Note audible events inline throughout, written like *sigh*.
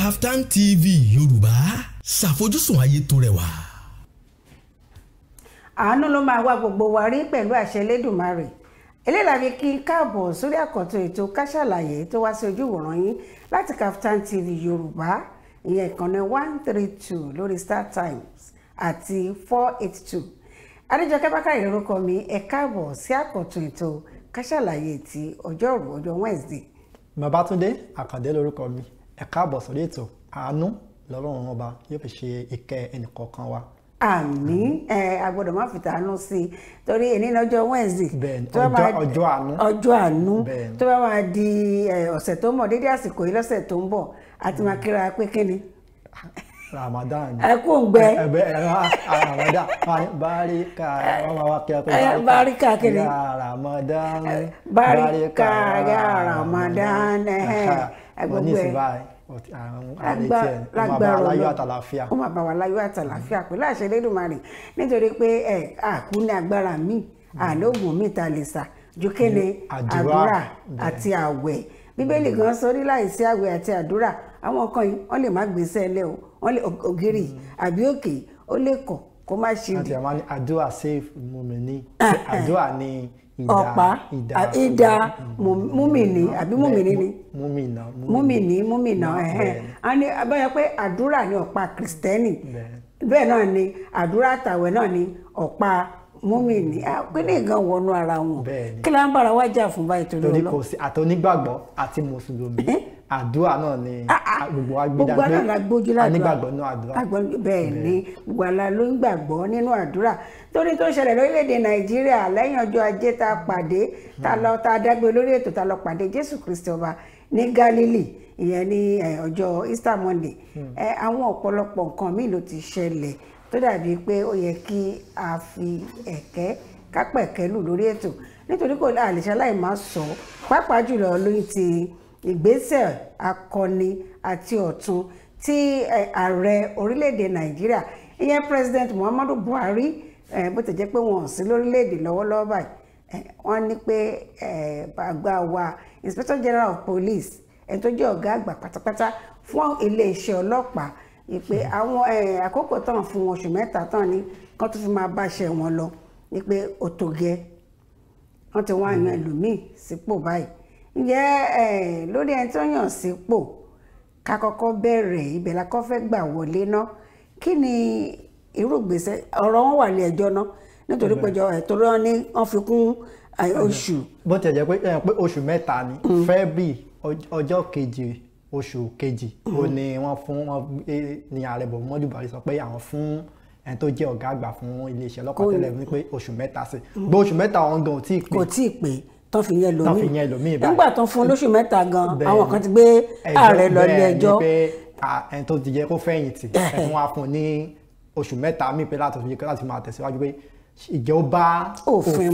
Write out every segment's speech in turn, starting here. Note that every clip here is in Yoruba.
Kaftan TV Yorùbá ṣàfojúsùn ayé tó rẹwà. àánú ló máa wá gbogbo wa rí pẹ̀lú àṣẹ lẹ́dùnmarè eléyìí la fi kí n káàbọ̀ sórí àkọ́tún ètò ká ṣàlàyé tó wá sí ojú ìwòran yín láti Kaftan TV Yorùbá ìyẹn ìkànnì one three two lórí Star Times àti four eight two Adéjọkẹ́ Bákàrẹ̀ lórúkọ mi ẹ káàbọ̀ sí àkọ́tún ètò ká ti ọjọ́rú ọjọ́ Wednesday. Babátúndé Àkàndé lórúkọ mi ẹ káàbọ̀ sórí ètò àánú lọ́lọ́run ọba yóò fi ṣe ìkẹ́ ẹnìkọ̀ọ̀kan wa àmì ẹ a gbọ́dọ̀ má fi tàánú sí i torí èní lọ́jọ́ Wednesday ọjọ́ àánú ọjọ́ àánú tó bá wà di ọ̀sẹ̀ tó ń bọ̀ dédé àsìkò yìí lọ́sẹ̀ tó ń bọ̀ àti máa mm. kíra pé kí ni. Ramadan ẹ kó ń gbẹ ẹbẹ ẹ Ramadan barika ọmọ wa kí a pé barika kí ni Ramadan barika Ramadan gbogbo ẹ̀ lágbára ọlọ́run ó máa bá wa láyọ̀ àtàlàfíà pẹ̀lú àṣẹ Elédùmarè nítorí pé ẹ àkú ní agbára mi àlóògùn hmm. mi ta lè sà jókèlè àdúrà àti àwẹ̀ bíbélì hmm. gan sọ ní láìsí àwẹ̀ àti àdúrà àwọn kan yìí wọ́n lè má gbèsè ẹlẹ́ o wọ́n lè ògiri hmm. àbí òkè ó lè kọ̀ kó má ṣe dì. àti àwọn àdúrà save mumini *coughs* àdúrà ni ọ̀pá ìdá mm. múmìnì àbí múmìnì ni múmìnì múmìnà ẹ̀hẹ́n a ní abáyọ pé àdúrà ni ọ̀pá kìrìsìtẹ́nì bẹ́ẹ̀ náà ni àdúrà àtàwẹ̀ náà ni ọ̀pá múmìnì àpínlẹ̀ gan wọnú ara wọn kí ló ń bára wá jà fún báyìí torí ọlọ́ torí kò sí àtọ́nígbàgbọ́ àti mùsùlùmí àdúrà náà ni ah, ah. gbogbo agbèdàgbé gbogbo àgbà gbójú ládùúrà anígbàgbọ́ nínú àdúrà bẹ́ẹ̀ ni gbogbo àlà ló ń gbàgbọ́ nínú àdúrà torí tó ṣẹlẹ̀ lórílẹ̀‐èdè nàìjíríà lẹ́yìn ọjọ́ ajé tá a pàdé tá a lọ tá a dágbé lórí ètò tá a lọ pàdé jésù kristi ọba ní galilee ìyẹn ní ọjọ́ easter monday hmm. àwọn ọ̀pọ̀lọpọ̀ nǹkan míì ló ti ṣẹlẹ̀ tó dàbí pé ó yẹ kí a fi ẹ̀kẹ́ kápẹ̀kẹ́ lù lórí ètò nítorí kò àlè ìgbésẹ̀ akọni àti ọ̀tun tí ààrẹ orílẹ̀-èdè nàìjíríà ìyẹn president muhammadu buhari bó ti jẹ́ pé wọn ò sí lórílẹ̀-èdè lọ́wọ́lọ́wọ́ báyìí wọ́n ní pé àgbà wa inspector general of police ẹni tó jẹ́ ọ̀gá àgbà pátápátá fún iléeṣẹ́ ọlọ́pàá ìpè àwọn àkókò tán fún oṣù mẹ́ta tán ni kán tó fi máa báṣẹ wọn lọ ni pé òtògẹ wọ́n ti wá yan ẹlòmíì sípò báyìí ǹjẹ́ lórí ẹni tó yàn sípò ká kọ́kọ́ bẹ̀rẹ̀ ibẹ̀ la kọ́ fẹ́ gbà wọlé ná kí ni irú gbèsè ọ̀rọ̀ wọn wà ní ẹjọ́ ná nítorí péjọ ìtòrí wọn ní wọn fi kún oṣù. bó ti jẹ́ pé oṣù mẹ́ta ni mm. February ọjọ́ keje oṣù kejì mm. ó ní wọ́n fún wọn e, ní ààrẹ bọ̀ mọ́jú bàrí sọ pé àwọn fún ẹni tó jẹ́ ọ̀gá àgbà fún iléeṣẹ́ ọlọ́pàá tẹ́lẹ̀ ní pé oṣù mẹ́ta sí gbọ́ mm. oṣù mẹ́ta ọ̀hún gan ò tí ì pé tán fi yẹn lómi nígbà tán fún lóṣù mẹ́ta gan àwọn kan ti gbé ààrẹ lọ ilé ẹjọ́. ẹni tó ti jẹ́ kó fẹ̀yìntì *laughs* ẹ̀fún wa fún ní oṣù mẹ́ta mi pé láti fi láti máa tẹ̀síwájú pé ìjẹ́ ó bá òfin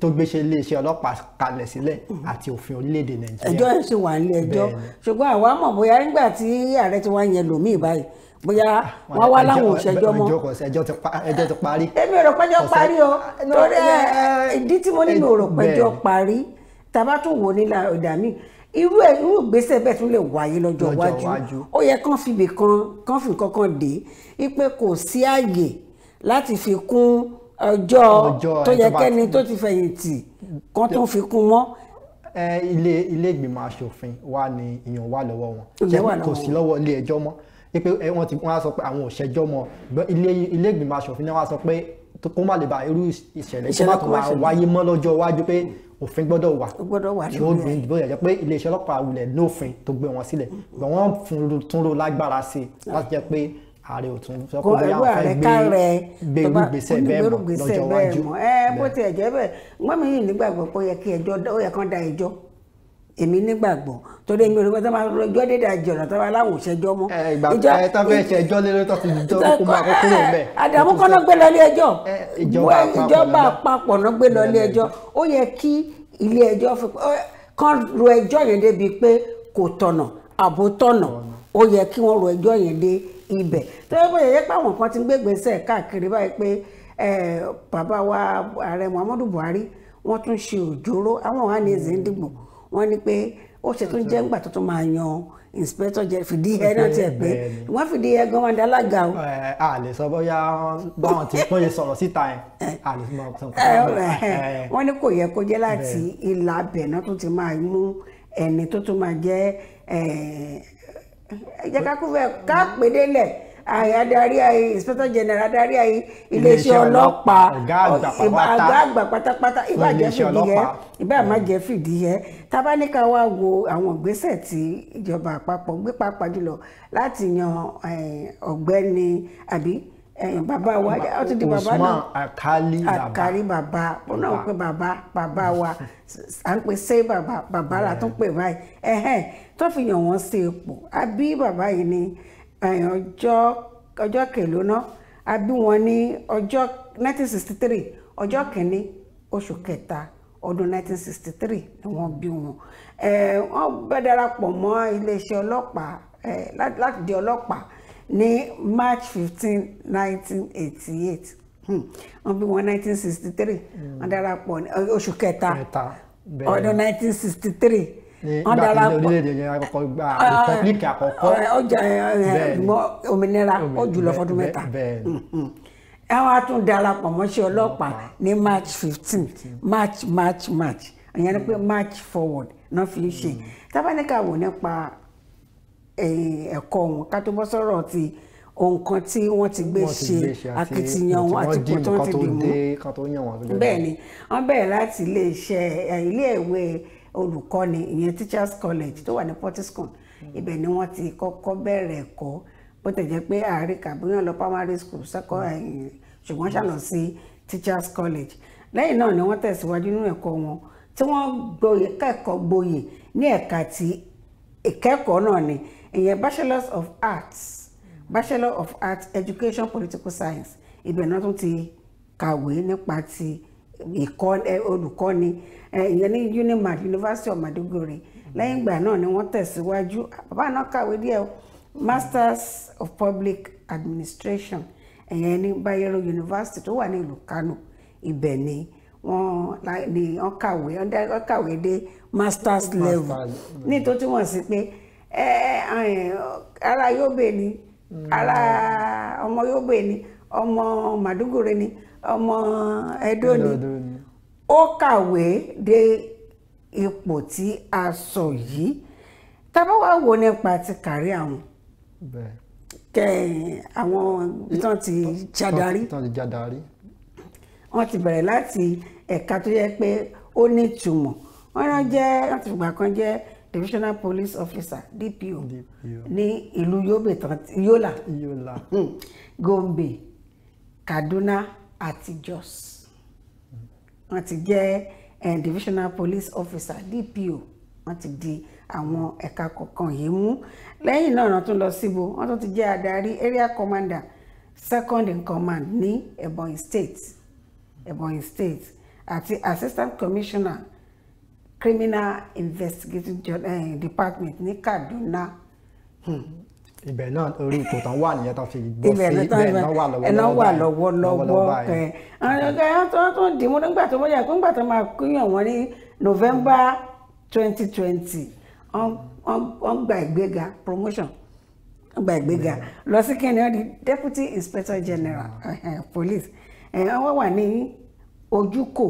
tó gbéṣe iléeṣẹ́ ọlọ́pàá kalẹ̀ sílẹ̀ àti òfin orílẹ̀-èdè Nàìjíríà. ẹjọ́ ẹ̀ ṣì wà nílé ẹjọ́ ṣùgbọ́n àwa mọ̀ bóyá nígbà tí ààrẹ ti wá yẹn lòmíì báyìí bóyá wọn ah, wá láwọn òṣèjọ mọ ẹjọ́ ti parí. èmi ò rò pẹ́jọ́ parí o ah, torí ìdí tí mo ní mi ò rò pẹ́jọ́ parí tàbá tún wò nílà ọ̀dà mi irú ẹ irú ìgbésẹ̀ bẹ́ẹ̀ tún lè wáyé lọ́jọ́ iwájú ó yẹ kán fìbì kan kán fi kankan dé ipe kò sí àyè láti fi kún ọjọ́ tó yẹ kẹ́ni tó ti fẹ̀yìntì kan tó fi kún mọ́ ilé ilé ìgbìmọ̀ asòfin wa ni ìyàn wà lọ́wọ́ wọn kò sí lọ́wọ́ ilé ẹjọ́ mọ́ pé wọ́n ti wọ́n á sọ pé àwọn ò ṣẹjọ́ mọ́ ilé ìgbìmọ̀ aṣòfin náà wọ́n á sọ pé kó má lè ba irú ìṣẹ̀lẹ̀ kó má tó máa wáyé mọ́ lọ́jọ́ iwájú pé òfin gbọ́dọ̀ wà gbọ́dọ̀ wà ní òfin bó yẹ pé iléeṣẹ́ ọlọ́pàá wulẹ̀ lófin tó gbé wọn sílẹ̀ gbọ́n wọ́n fún tún ro lágbára sí i láti jẹ́ pé ààrẹ ò tún sọ pé bóyá fẹ́ gbé gbé gbèsè bẹ́ẹ̀ mọ́ lọ́jọ́ iwájú. bó tiẹ̀ jẹ́ bẹ́ẹ̀ gbọ́n mi yìí nígbàgbọ́ pé ó yẹ kí ẹjọ́ ó yẹ kán da ẹjọ́ èmi nígbàgbọ́ torí èmi olùkọ́ tó máa rọjọ́ dédé àjọ̀rọ̀ tó máa láwọn òṣèjọ́ mọ́. ìgbà ẹ tó fẹ́ ṣẹjọ́ lé lórí tó ti jọ kó máa kókó rẹ̀ bẹ́ẹ̀. àdàmú kan náà gbé lọ ilé ẹjọ́ ìjọba àpapọ̀ náà gbé lọ ilé ẹjọ́ ó yẹ kí ilé ẹjọ́ kan ro ẹjọ́ yẹn débi pé kò tọ̀nà àbò tọ̀nà ó yẹ kí wọ́n ro ẹjọ́ yẹn dé ibẹ̀ tó yẹ kó yẹ pé àwọn kan ti gbégbèsè káàkiri báyìí pé bàbá wa ààrẹ Muhammadu Buhari wọ́n tún ṣe òjòrò àwọn wà ní ẹ̀sìn dìgbò wọ́n ní pé ó ṣe tó ń jẹ́ ńgbà tó tún máa yan inspector jẹ fìdí ẹ náà tiẹ̀ pé wọ́n fìdí ẹ gan wọn dálága o. a lè sọ bóyá báwọn ti pọ́n yẹ sọ̀rọ̀ síta ẹ a lè sọ báwọn sọ̀rọ̀. wọ́n ní kò yẹ kó jẹ́ láti ìlà abẹ̀ náà tó ti máa mú ẹni tó tún máa jẹ́ ẹ jẹ́ ká kú fẹ́ ká pèdélẹ̀ adarí inspector general adarí iléeṣẹ́ ọlọ́pàá ọ̀gá àgbà pátápátá ìbá jẹ́ fìdíhẹ́ ìbá má hmm. jẹ́ fìdíhẹ́ tábánikà wá wo àwọn ìgbésẹ̀ tí ìjọba àpapọ̀ gbé pàápàá jùlọ láti yan ọ̀gbẹ́ni àbí bàbá wa ó ti di bàbá náà àkàlí bàbá àkàlí bàbá ó náà pé bàbá bàbá wa à ń pè sé bàbá bàbá la tún pè báyìí ẹhẹn tó fi yàn wọ́n sí ipò àbí bàbá yìí ni ọjọ́ ọjọ́ kẹlóná a bí wọn ní ọjọ́ 1963 ọjọ́ kẹni oṣù kẹta ọdún 1963 ni wọ́n bí wọn wọ́n bẹ́ darapọ̀ mọ́ iléeṣẹ́ ọlọ́pàá láti di ọlọ́pàá ní March 15 1988 hmm, wọ́n bí wọn 1963 wọ́n darapọ̀ oṣù kẹta ọdún 1963 nígbàkejì orílẹ̀-èdè yẹn àkọ́kọ́ gba rìpọ́blíkì ah, ah, àkọ́kọ́. Ah, ọjà eh, òmìnira ó jùlọ fọdún mẹ́ta mm, mm. ẹ wá tún darapọ̀ mọ́ṣẹ́ ọlọ́pàá ní march fifteen march march march ìyẹn ni pé mm. march forward náà fi ń ṣe tábánikà wò nípa eh, ẹ̀kọ́ wọn ká tó bọ́ sọ̀rọ̀ ti nǹkan tí wọ́n ti gbé ṣe akitiyan wọn àti kò tó ti dì mú bẹ́ẹ̀ ni wọ́n bẹ̀rẹ̀ láti ilé eh, ilé ìwé olùkọ́ni ìyẹn teachers college tó wà ní Portiscone ibẹ̀ ni wọ́n ti kọ́kọ́ bẹ̀rẹ̀ ẹ̀kọ́ bó tẹ̀ jẹ́ pé àárín kàbúyàn lọ primary school sẹ́kọ́ mm. eh, ṣùgbọ́n ṣàlọ́ sí teachers college lẹ́yìn náà ni wọ́n tẹ̀síwájú nínú ẹ̀kọ́ wọn tí wọ́n gboyè kẹ́kọ̀ọ́ gboyè ní ẹ̀ka ti ìkẹ́kọ̀ọ́ náà ni ìyẹn bachelors of arts bachelor of arts education political science ibẹ̀ náà tún ti kàwé nípa ti ìkọ́ni olùkọ́ni ìyẹn ní UNIMAD University of Maiduguri lẹ́yìn ìgbà náà ni wọ́n tẹ̀síwájú bàbá náà kàwé díẹ̀ Masters of Public Administration ìyẹn ní Bayero University tó wà ní ìlú Kano ibẹ̀ ni wọ́n ni wọ́n kàwé wọ́n kàwé dé masters level ní tó túmọ̀ sí pé ara Yobe ni mm. ara ọmọ Yobe ni ọmọ Maiduguri ni ọmọ Ẹdó ni ó kàwé dé ipò tí a sọ yìí tá bá wá wò nípa ti kárí àwọn kẹ àwọn tán ti jadarí tán ti jadarí wọ́n ti bẹ̀rẹ̀ láti ẹ̀ka tó yẹ pé ó ní ìtumọ̀ wọ́n rán jẹ́ wọ́n ti gbà kan jẹ́ divisional police officer DPO ní ìlú Yobe Yola Yola hmm. Gombe Kaduna àti Jos wọ́n ti jẹ́ divisional police officer DPO wọ́n ti di àwọn ẹ̀ka kọ̀ọ̀kan yìí mú lẹ́yìn náà wọ́n tún lọ síbo wọ́n tún ti jẹ́ adarí area commander second in command ní Ebonyi state Ebonyi state àti assistant commissioner criminal investigative department ní Kaduna. Hmm ibẹ̀ náà orí ipò tán wà nìyẹn tán fi gbọ́ sí ibẹ̀ náà wà lọ́wọ́ lọ́wọ́ wà lọ́wọ́ lọ́wọ́ ẹ̀ àwọn tó tó dì mú nígbà tó bóyá nígbà tó máa kíyàn wọn ní November twenty twenty wọ́n gba ìgbéga promotion wọ́n gba ìgbéga lọ sí kí ni wọ́n di Deputy Inspector General Police wọ́n wà ní ojúkò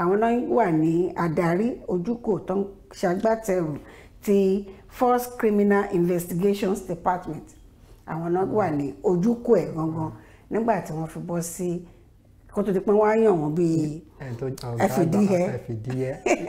àwọn náà wà ní adarí ojúkò tó ń ṣagbátẹrù ti. Force Criminal Investigations Department àwọn náà wà ní ojúkò ẹ̀ gangan nígbà tí wọ́n fi bọ́ sí kó tó di pé wọ́n á yàn wọ́n bíi ẹ̀fìdíhẹ́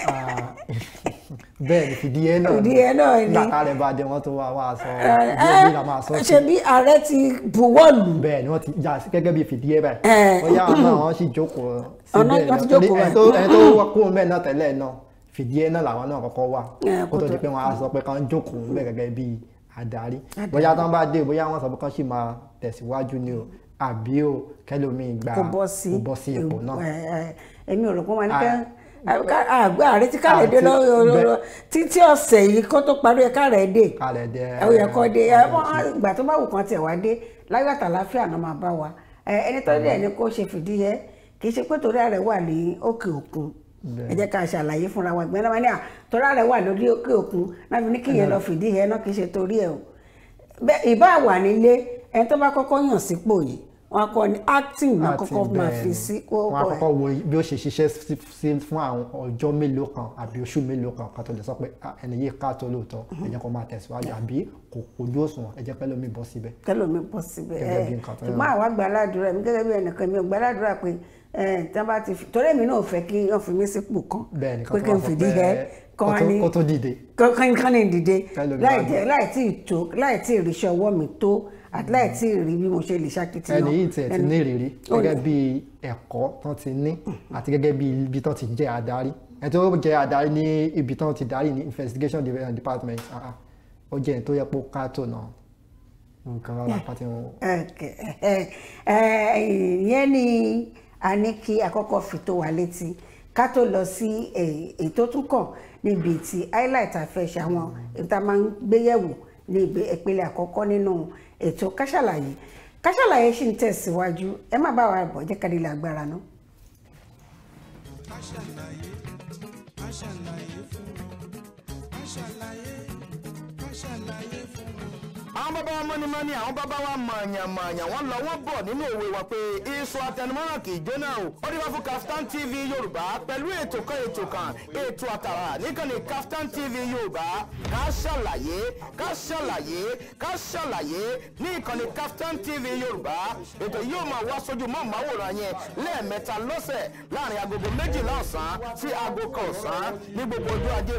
ah. *laughs* bẹ́ẹ̀ ni fìdíhẹ́ náà fìdíhẹ́ náà ni bàtà rẹ̀ bá dé wọ́n tó wá wá sọ eh, bí eh, la máa ṣe bí ààrẹ ti buwọ́lù. bẹ́ẹ̀ ni wọ́n ti jà gẹ́gẹ́ bí fìdíhẹ́ báyìí wọ́n eh. yá àwọn náà wọ́n sì jókòó síbẹ̀ náà tó wọ́n kú mẹ́ẹ̀ náà tẹ́lẹ̀ náà fìdí ẹ náà làwọn náà kọ́kọ́ wà kó tó di pé wọ́n á sọ pé kán jókòó ń bẹ̀ gẹ́gẹ́ bí adarí bóyá tán bá dé bóyá wọ́n sọ pé kán sì máa tẹ̀síwájú ni o àbí o kẹlòmíì gbà kó bọ́ sí ipò náà. èmi ò rò pé wọ́n ní kẹ́ àgbà àrí tí kálẹ̀ dé lọ́wọ́ títí ọ̀sẹ̀ yìí kó tó parí ẹ̀ kálẹ̀ dé ẹ̀ yẹ kó dé ìgbà tó bá wù kán tẹ̀ wá dé láyọ̀ àtàláfíà náà máa bá wa ẹni tó dé ẹni kó ṣe fìdí yẹ kì í ṣe pé torí ààrẹ wà ní òkè òkun ẹ jẹ́ ká ṣàlàyé fúnra wa ìgbẹ́ náà ní à tọ́lá rẹ̀ wà lórí òkè òkun náà fi ní kí yẹn lọ fìdí yẹn náà kì í ṣe torí ẹ̀ o ìbá wà nílé ẹni tó bá kọ́kọ́ yàn sípò yìí wọn kọ ni acting náà kọ́kọ́ máa fi sí kókó ẹ wọn kọ́kọ́ wo bí ó ṣe ṣiṣẹ́ sí fún àwọn ọjọ́ mélòó kan àbí oṣù mélòó kan ká tó lè sọ pé ẹni yìí ká tó lóòótọ́ ẹ jẹ́ kó máa tẹ̀síwájú mm-hmm. àbí kò kojú òṣùwọ̀n ẹ jẹ́ kẹlòmíì bọ́ síbẹ̀. kẹlòmíì bọ́ síbẹ̀ ẹ ṣùgbọ́n àwa gbàládùra mi gẹ́gẹ́ bí ẹnìkan mi ò gbàládùra pé tí wọ́n bá ti torí èmi náà fẹ́ kí wọ́n fi mí sípò kan pé kí n fìdí ẹ kọ́ ni kó tó dìde kọ́ ni dìde láì tí ì tó láì tí ì ríṣẹ́ ọwọ́ mi tó àti láì tí ì rí bí mo ṣe lè ṣàkitiyan ẹni yìí tiẹ̀ ti ní ìrírí gẹ́gẹ́ bí ẹ̀kọ́ tán ti ní àti gẹ́gẹ́ bí ibi tán ti jẹ́ adarí ẹni tó jẹ́ adarí ní ibi tán ti darí ní investigation department ó jẹ́ tó yẹ kó kátó náà nǹkan rárá pàtẹ́wọ́n. *laughs* Eh, eh, ìyẹn ni a ní kí àkọ́kọ́ fi tó wa létí ká tó lọ sí e, ètò tún kàn níbi tí highlight àfẹsẹ̀ àwọn ìta máa ń gbéyẹ̀wò ní ìpele àkọ́kọ́ nínú ètò káṣàlàyé káṣàlàyé ṣì ń tẹ̀síwájú ẹ má bá wa bọ̀ jẹ́ ká nílẹ̀ agbára ná. fún wọn káṣàlàyé káṣàlàyé fún wọn àwọn bàbá wa mọ́ni mọ́ni àwọn bàbá wa mọ̀ọ̀yàn mọ̀ọ̀yàn wọ́n lọ wọ́n bọ̀ nínú òwe wa pé iṣu àtẹnumọ́ràn kì í jóná o ó dé wá fún Kaftan TV Yorùbá pẹ̀lú ètò kan ètò kan ètò àtàrà níkànnì Kaftan TV Yorùbá ká ṣàlàyé ká ṣàlàyé ká ṣàlàyé ní ìkànnì Kaftan TV Yorùbá ètò yóò máa wá sójú mọ́ màwòrán yẹn lẹ́ẹ̀mẹ́ta lọ́sẹ̀ láàrin agogo méjìlá ọ̀sán sí aago kan ọ̀sán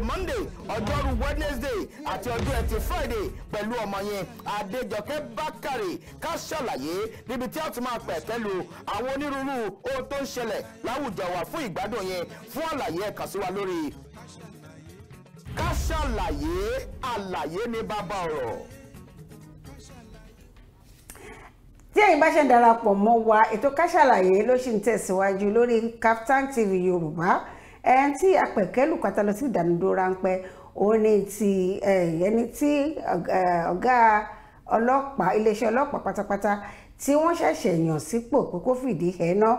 Monday ọjọ́rú Wednesday àti ọjọ́ Friday pẹ̀lú ọmọ Adéjọkẹ́ Bákàrè ká ṣàlàyé níbi tí a ti máa pẹ̀kẹ́ lu àwọn onírúurú ohun tó ń ṣẹlẹ̀ láwùjọ wa fún ìgbádùn yẹn fún àlàyé ẹ sí wa lórí ká ṣàlàyé àlàyé ní bàbá ọ̀rọ̀. tí ẹ̀yin bá ṣe ń darapọ̀ mọ́ wa ètò ká ṣàlàyé ló ṣì ń tẹ̀síwájú lórí Kaftan TV Yorùbá ẹ̀ẹ́n tí apẹ̀kẹ́lù kátà lọ sí ìdánudó ráńpẹ́ òun ni ti ẹni tí ọ̀gá ọlọ́pàá iléeṣẹ́ ọlọ́pàá pátápátá tí wọ́n ṣẹ̀ṣẹ̀ yàn sípò pé kó fìdí ẹ̀ná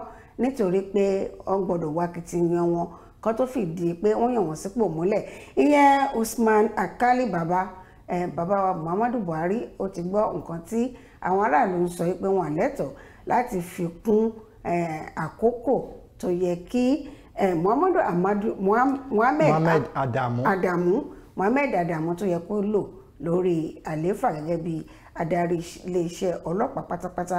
nítorí pé wọ́n gbọ́dọ̀ wá kìtìyàn wọn kan tó fìdí pé wọ́n yàn wọ́n sípò múlẹ̀ ìyẹn Usman Akali Baba baba bàbá wa Muhammadu Buhari ó ti gbọ́ nǹkan tí àwọn aráàlú ń sọ pé wọ́n lẹ́tọ̀ọ́ láti fi kún àkókò tó yẹ kí eh, muhammadu amadu muhammed muhammed adamu adamu muhammed adamu tó yẹ kó lò lórí àlééfà gẹ́gẹ́ bí adarí iléeṣẹ́ ọlọ́pàá pátápátá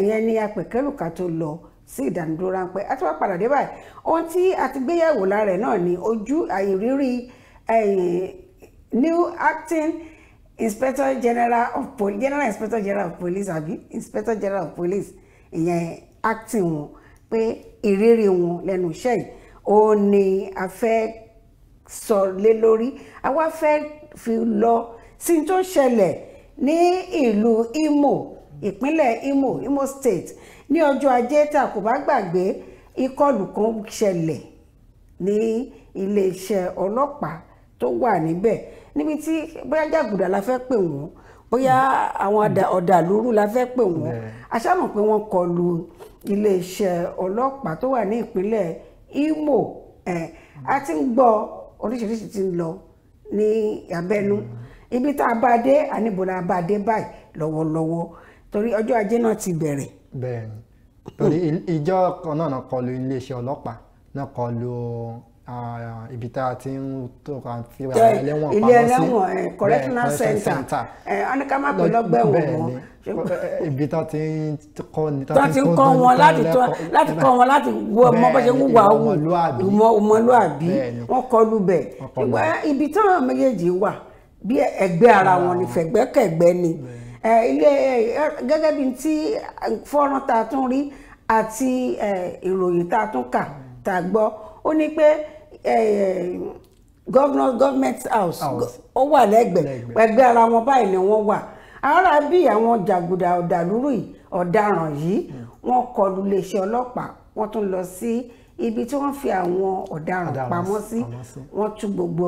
ìyẹn ni apẹ̀kẹ́lùkà tó lọ sí ìdánidúró ráńpẹ́ a ti wá padà dé báyìí ohun tí a ti gbéyẹ̀wò lára ẹ̀ náà ni ojú àìrírí new acting inspector general of police general inspector general of police àbí inspector general of police ìyẹn acting wọn pé ìrírí wọn lẹ́nu iṣẹ́ yìí ó ní a fẹ́ sọ lé lórí a wá fẹ́ fi lọ sí tó ṣẹlẹ̀ ní ìlú Imo ìpínlẹ̀ Imo Imo State ní ọjọ́ ajé tá a kò bá gbàgbé ìkọlù kan ṣẹlẹ̀ ní iléeṣẹ́ ọlọ́pàá tó wà níbẹ̀ níbi tí bóyá jàgùdà la fẹ́ pè wọ́n bóyá àwọn ọ̀dàlúrú la fẹ́ pè wọ́n a ṣá mọ̀ pé wọ́n iléeṣẹ́ ọlọ́pàá tó wà ní ìpínlẹ̀ Imo a ti ń gbọ́ oríṣiríṣi ti ń lọ ní abẹ́nú ibi tá a bá dé àníbọ̀lá bá dé báyìí lọ́wọ́lọ́wọ́ torí ọjọ́ ajé náà ti bẹ̀rẹ̀. bẹ́ẹ̀ni torí ìjọ kan náà kọlu iléeṣẹ́ ọlọ́pàá náà kọlu ibi tá a ti ń tó kan fi ẹlẹ́wọ̀n pamọ́ sí ilé ẹlẹ́wọ̀n correctional center ẹni ká má pè lọ́gbẹ̀wọ̀n *laughs* ibi tá ti ń kọ́ ni tá ti ń kọ́ wọn láti láti kọ́ wọn láti wọ ọmọ bá ṣe ń wà wù ọmọlúàbí wọn kọlu bẹ̀ ibi táwọn méjèèjì wà bí ẹgbẹ́ ara wọn ni fẹ̀gbẹ́kẹ̀gbẹ́ ni ilé gẹ́gẹ́ bí ti fọ́nrán tá a tún rí àti ìròyìn tá a tún kà tá a gbọ́ ó ní pé government house ó wà lẹ́gbẹ̀ẹ́ ẹgbẹ́ ara wọn báyìí ni wọ́n wà ara bí àwọn jàgùdà ọ̀dàlúrú ọ̀daràn yìí wọ́n kọlù iléeṣẹ́ ọlọ́pàá wọ́n tún lọ sí ibi tí wọ́n fi àwọn ọ̀daràn pamọ́ sí wọ́n tú gbogbo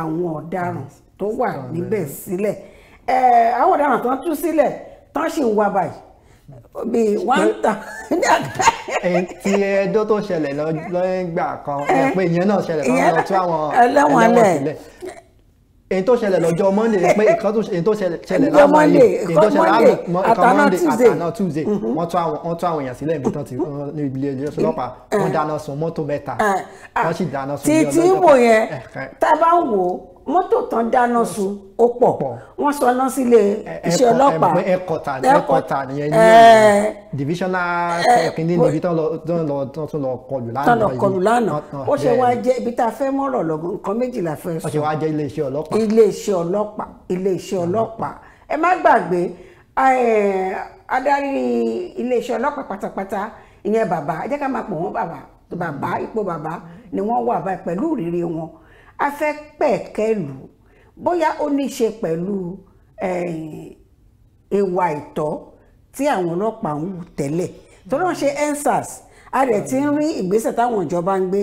àwọn ọ̀daràn tó wà níbẹ̀ sílẹ̀ àwọn ọ̀daràn tó ń tú sílẹ̀ tán sì ń wá báyìí bíi one thousand. ti ẹjọ́ tó ṣẹlẹ̀ lọ́gbà kan ẹ̀ pé ìyẹn náà ṣẹlẹ̀ lọ́wọ́ tó àwọn ẹlẹ́wọ̀n sílẹ̀ èyí tó ṣẹlẹ̀ lọ́jọ́ monday ni pé ìkan tó èyí tó ṣẹlẹ̀ láwọn ayé èyí tó ṣẹlẹ̀ láwọn ìkan monday àtàná tuesday mm-hmm. wọ́n tún àwọn wọ́n tún àwọn èèyàn sílẹ̀ níbi tán ti ní ilé ilé ọlọ́pàá eh, eh. wọ́n dáná sun mọ́tò mẹ́ta eh, wọ́n sì dáná sun ilé ọlọ́pàá. títí wò yẹn tá a bá wò ó mọ́tò tán dáná sun ó pọ̀ wọ́n sọná sílé iṣẹ́ ọlọ́pàá ẹ̀kọ́ta ẹ̀kọ́ta nìyẹn ní divisional kìíní níbi tán lọ tún lọ kọlù lánàá tán lọ kọlù lánàá ó ṣe wá jẹ́ ibi tá a fẹ́ mọ̀rọ̀ lọ́gọ́ nǹkan méjìlá fẹ́ sọ ó ṣe wá jẹ́ iléeṣẹ́ ọlọ́pàá iléeṣẹ́ ọlọ́pàá iléeṣẹ́ ọlọ́pàá ẹ má gbàgbé adarí iléeṣẹ́ ọlọ́pàá pátápátá ìyẹn bàbá ẹ jẹ́ ká máa pọ̀ wọ́n bàbá bàbá ipò bàbá ni wọ́n wà báyìí pẹ̀lú ìrírí wọn a fẹ́ pẹ̀kẹ́lù bóyá ó ní í ṣe pẹ̀lú eh, ìwà ìtọ́ tí àwọn ọlọ́pàá ń wù tẹ́lẹ̀ tó náà ṣe ensars a rẹ̀ ti ń rí ìgbésẹ̀ táwọn ìjọba ń gbé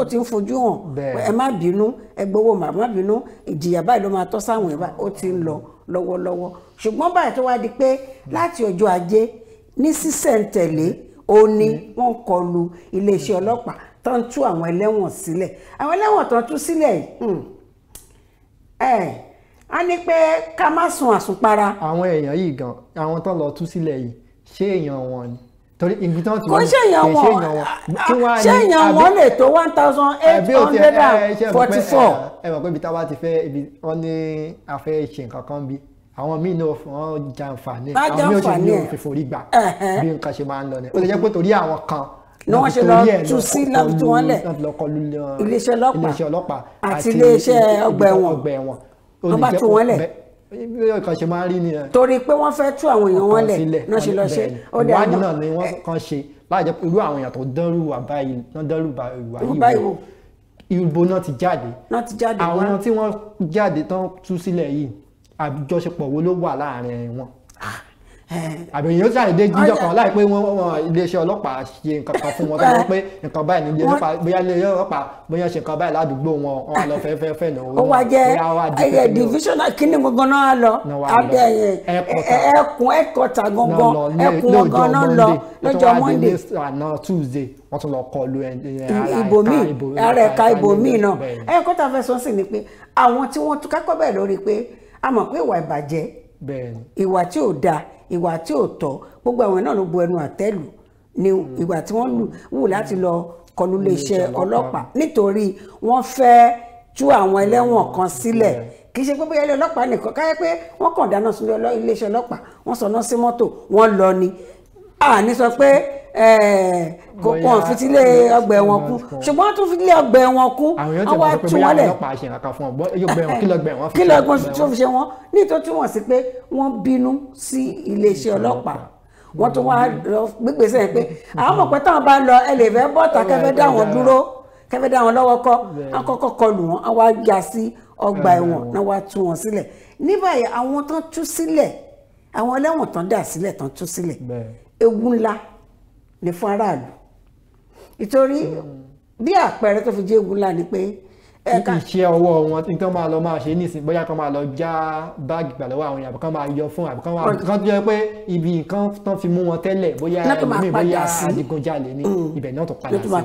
ó ti ń fojú hàn ẹ má bínú ẹ gbowó mà má bínú ìjìyà báyìí ló máa tọ́ sáwọn ìbá ó ti ń lọ lọ́wọ́lọ́wọ́ ṣùgbọ́n báyìí tó wá di pé láti ọjọ́ ajé ní sísẹ̀ǹtẹ̀lé ó ní mm. wọ́n kọlu iléeṣẹ́ ọlọ́pàá tó ń tú àwọn ẹlẹ́wọ̀n sílẹ̀ àwọn ẹlẹ́wọ̀n tó ń tú sílẹ̀ hmm, ẹ̀ á ní pé ká má sun àsùnpara. àwọn èèyàn yìí gan àwọn tó lọ tú sílẹ̀ yìí ṣé èèyàn wọn ni torí ibi tí wọ́n ti wọ́n ṣe èèyàn wọn kí wọ́n á ní ṣe èèyàn wọn lè tó one thousand eight hundred and forty four. ẹ mọ̀ pé ibi táwa ti fẹ́ ibi wọ́n ní afẹ́ ṣe nǹkan kan bí àwọn míì náà wọ́n jàǹfààní àwọn míì ò sì ní òfin forí gbà bí nǹkan ṣe máa ń lọ ni ó lè jẹ́ pé torí àwọn kan ní wọ́n ṣe lọ tú sí láti wọ́n lẹ̀ iléeṣẹ́ ọlọ́pàá àti iléeṣẹ́ ọgbà ẹ̀wọ̀n wọ́n bá tú wọ́n lẹ̀ bí kan ṣe máa ń rí nìyẹn. torí pé wọ́n fẹ́ tú àwọn èèyàn wọn lẹ̀ náà ṣe lọ ṣe. ìwádìí náà ni wọ́n kàn ṣe láàjẹ́ irú àwọn èèyàn tó dánrù àbá yìí náà dánrù àbá yìí wò ibo náà ti jáde. àwọn tí wọ́n jáde tán tú sílẹ̀ yìí àjọṣepọ̀ wo ló wà láàárín wọn. Ah, àbí yóò ṣàdédé jíjọ kan láìpẹ́ wọn iléeṣẹ́ ọlọ́pàá ṣe nǹkan kan fún wọn tó wọ́n pé nǹkan báyìí ní iléeṣẹ́ ọlọ́pàá bóyá iléeṣẹ́ ọlọ́pàá bóyá ṣe nǹkan báyìí ládùúgbò wọn wọn lọ fẹ́ fẹ́ fẹ́ lọ. ó wá jẹ ẹyẹ division kíni gangan náà lọ abẹ ẹkùn ẹkọta gangan ẹkùn gangan náà lọ lọ́jọ́ Monday àná Tuesday wọ́n tún lọ kọ lu ibòmíì ara ẹ̀ka ibòmíì náà ẹ̀kọ́ta fẹ́ ni pé àwọn tí wọ́n tún kákọ́ bẹ́ẹ̀ lórí pé a mọ̀ pé ìwà tí ò tọ́ gbogbo àwọn náà ló bu ẹnu àtẹ́lù ni hmm. ìwà tí wọ́n wù láti lọ kọlù hmm. iléeṣẹ́ ọlọ́pàá nítorí wọ́n fẹ́ tú àwọn hmm. ẹlẹ́wọ̀n kan sílẹ̀ kì í ṣe pé bóyá ilé ọlọ́pàá nìkan káyẹ́ pé wọ́n kàn dáná sun iléeṣẹ́ ọlọ́pàá wọ́n sọná sí mọ́tò wọ́n lọ ni àní sọ pé kò kàn fi tilé ọgbà ẹ̀wọ̀n kú ṣùgbọ́n tún fi tilé ọgbà ẹ̀wọ̀n kú àwọn àtúwọ́lẹ̀ kí lọ́gbọ̀n tó fi ṣe wọ́n ní tó túmọ̀ sí pé wọ́n bínú sí iléeṣẹ́ ọlọ́pàá wọ́n tún wá lọ gbégbèsè pé àwọn ọmọ pẹ́ táwọn bá lọ ẹ lè fẹ́ bọ́ta kẹfẹ́ dá wọn dúró kẹfẹ́ dá wọn lọ́wọ́ kọ́ akọ́kọ́ kọlù wọn àwọn ajá sí ọgbà ẹ̀wọ̀n náà wá tú wọn sílẹ̀ ní báyìí àwọn tán tú sílẹ̀ àwọn ẹlẹ́wọ̀n tán dà sílẹ̀ tán tú sílẹ̀ ewu ńlá ní fún aráàlú ìtorí bí àpẹẹrẹ tó fi jẹ́ ewúla ni pé. iṣẹ́ ọwọ́ wọn tí nǹkan máa lọ máa ṣe nísìnyí bóyá kan máa lọ já báàgì gbà lọ́wọ́ àwọn èèyàn àbí kan máa yọ fún àbí kan máa kan tó yẹ pé ibi nǹkan tán fi mú wọn tẹ́lẹ̀ bóyá ẹlòmíì bóyá adigunjalè ní mm. ibẹ̀ náà tó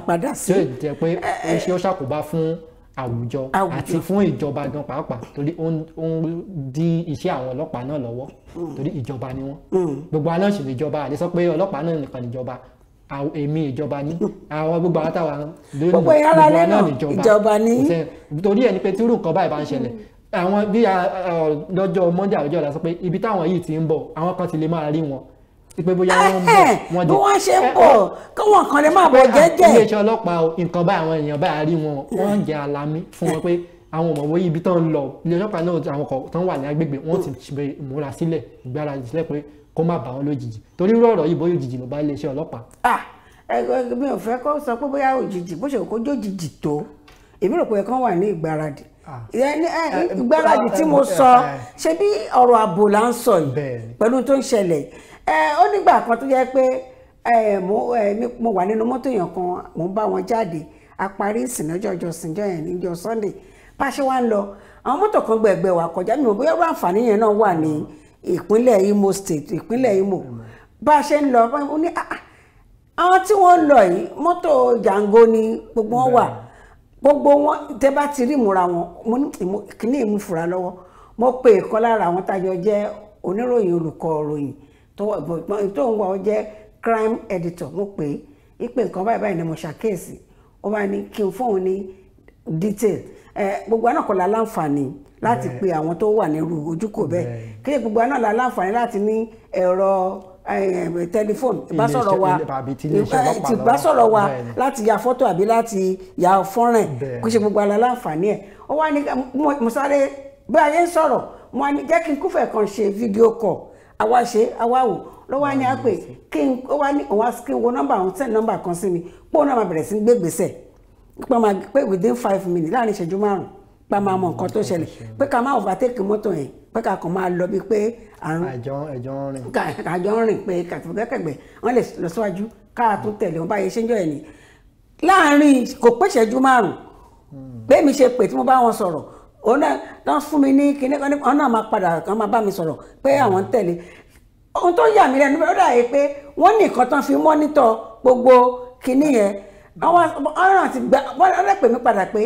padà sí tó jẹ́ pé eh, eh. ó ṣe ó ṣàkóbá fún àwùjọ àti fún ìjọba gan pàápàá torí ó ń dín iṣẹ́ àwọn ọlọ́pàá náà lọ́wọ́ mm. torí ìjọba ni wọ́n mm. gbogbo aláṣẹ ìjọba àdé sọ pé ọlọ́pàá náà nìkan níjọba àwọn èmi ìjọba ni, àwọn gbogbo àwọn táwa lónìí gbogbo àwọn náà ni. torí ẹ̀ ni pé tí irú nǹkan báyìí bá ń ṣẹlẹ̀ mm-hmm. àwọn bí lọ́jọ́ monday àwùjọ la sọ pé ibi táwọn yìí ti ń bọ̀ àwọn kan ti lè máa rí wọn pé bóyá wọ́n ń bọ̀ eh, wọ́n dé. bí wọ́n ṣe ń eh, bọ̀ eh, kí wọ́n kàn lè máa bọ̀ ah, jẹ́jẹ́. iléeṣẹ́ ọlọ́pàá o nǹkan bá àwọn èèyàn báyà rí wọn wọ́n ń jẹ́ alámí fún wọn pé àwọn ọmọwé ibi tán ń lọ iléeṣẹ́ ọlọ́pàá náà àwọn kan tán wà ní agbègbè wọ́n ti múra sílẹ̀ ìgbára sílẹ̀ pé kó má bà wọn lójijì torí irú ọ̀rọ̀ yìí bóyá òjijì ló bá iléeṣẹ́ ọlọ́pàá. ah mi ò fẹ́ kó sọ pé bóyá òjijì bó ṣe kó jójijì tó èmi rò pé kán wà ní ìgbáradì ìgbáradì tí mo sọ ṣe bí ọ̀rọ̀ ààbò là ń sọ yìí pẹ̀lú tó ń ṣẹlẹ̀ ó nígbà kan tó jẹ́ pé mo wà nínú mọ́tò èèyàn kan mo ń bá wọn jáde a parí ìsìn lọ́jọ́ ọjọ́ ìsìnjọ́ yẹn níjọ́ Sunday bá ṣe wá ń lọ àwọn mọ́tò kan gbẹ̀gbẹ̀ wà kọjá mi ò bóyá irú àǹfààní yẹn náà wà ní ìpínlẹ̀ Imo State ìpínlẹ̀ Imo bá a ṣe ń lọ ó ní ah, ah, àwọn tí wọ́n lọ yìí mọ́tò jango ni gbogbo wọn wà gbogbo wọn tẹ bá ti rí ìmúra wọn mo ní kíní ìmúfura lọ́wọ́ mo pe ìkan lára àwọn tájọ jẹ́ oníròyìn olùkọ́ ròyìn tó ń wà ó jẹ́ crime editor mo pè é ìpè nǹkan báyìí báyìí ni mo ṣàkíyèsí ó bá ní kí n fóun ní detail gbogbo àná kò lá láǹfààní láti pe àwọn tó wà nírú ojúkò bẹ́ẹ̀ kí ni gbogbo àná la láǹfààní láti ní ẹ̀rọ eh, tẹlifóònù ìbásọ̀rọ̀ wa eh, ìbásọ̀rọ̀ wa láti ya fọ́tò àbí láti ya fọ́nrán kó ṣe gbogbo àná láǹfààní ẹ̀ ó wá ní mo sáré bí ayé ń sọ̀rọ̀ mo ní jẹ́ kí n kúfẹ̀ kan ṣe fídíò kọ̀ àwa ṣe àwa wò ló wá ní àpè kí n ó wá ní òun àti kí n wo nọ́mbà òun tẹ̀ nọ́mbà kan sí mi pé òun náà máa bẹ̀rẹ̀ sí gbé gbèsè pé within five minutes láàrin ìṣẹ́jú márùn-ún pa máa mọ nǹkan tó ṣẹlẹ̀ pé ká máa overtake mọ́tò yẹn pé ká kàn máa lọ bí pé àrùn àjọ ń rìn pé kàtàkẹ́kẹ̀gbẹ́ wọ́n lè lọ síwájú káà tó tẹ̀lé wọn báyìí ṣe ń jọ ẹ̀ ni láàárín kò pé ìṣẹ́jú márùn-ún hmm. bẹ́ẹ̀ mi ṣe pè tí mo bá wọn sọ̀rọ̀ òun náà tán fún mi ní kinní kan nípa ọ̀nà máa padà kan máa bá mi sọ̀rọ̀ pé hmm. àwọn ń tẹ̀lé ohun tó yà mí lẹ́nu ó dà yìí pé wọ́n ní nǹkan tán fi mọ́nítọ̀ gbogbo kinní yẹn àwọn ọ̀ràn ti gbà wọ́n lè pè mí padà pé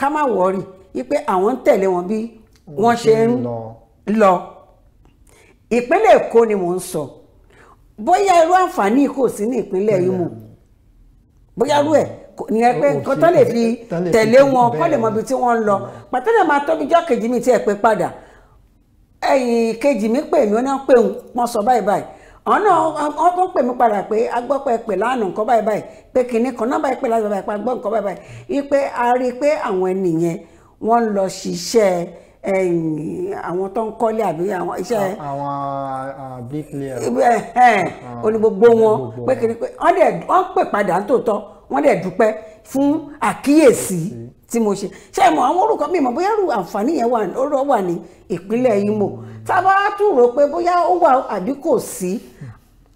ká má wọ̀ọ́rì wípé àwọn ń tẹ̀lé wọn bí wọ́n ṣe ń lọ ìpínlẹ̀ Èkó ni mò ń sọ bóyá irú àǹfààní kò sí ní ìpínlẹ̀ Imo bóyá irú ẹ̀ ìyẹn pé nǹkan tó lè fi tẹ̀lé wọn kọ́ lè mọ ibi tí wọ́n ń lọ pàtẹ́lẹ̀ máa tọ́jú jọ́ kejì mi tí ẹ̀ pé padà ẹ̀yìn kejì mi pè mí ó náà pè wọ́n sọ báyìí báyìí àwọn náà wọ́n tó pè mí padà pé agbọ́pọ̀ pè lánàá nǹkan báyìí báyìí pé kìnnìkan náà báyìí pè lánàá báyìí pé agbọ́ nǹkan báyìí báyìí wípé a rí i pé àwọn ẹnìyẹn wọ́n ń lọ ṣiṣẹ́ àwọn tó ń kọ́lé àbí àwọn iṣẹ́. àwọn bricklayer. Eh, eh, ah, onígbogbo wọn pé kiri pé wọ́n pè padà nítòótọ́ wọ́n dẹ̀ dúpẹ́ fún àkíyèsí tí mo ṣe ṣe mọ àwọn orúkọ mi mọ bóyá àǹfààní yẹn wà ní ìpínlẹ̀ hmm. Imo tá a bá tún rò pé bóyá ó wà àbí kò sí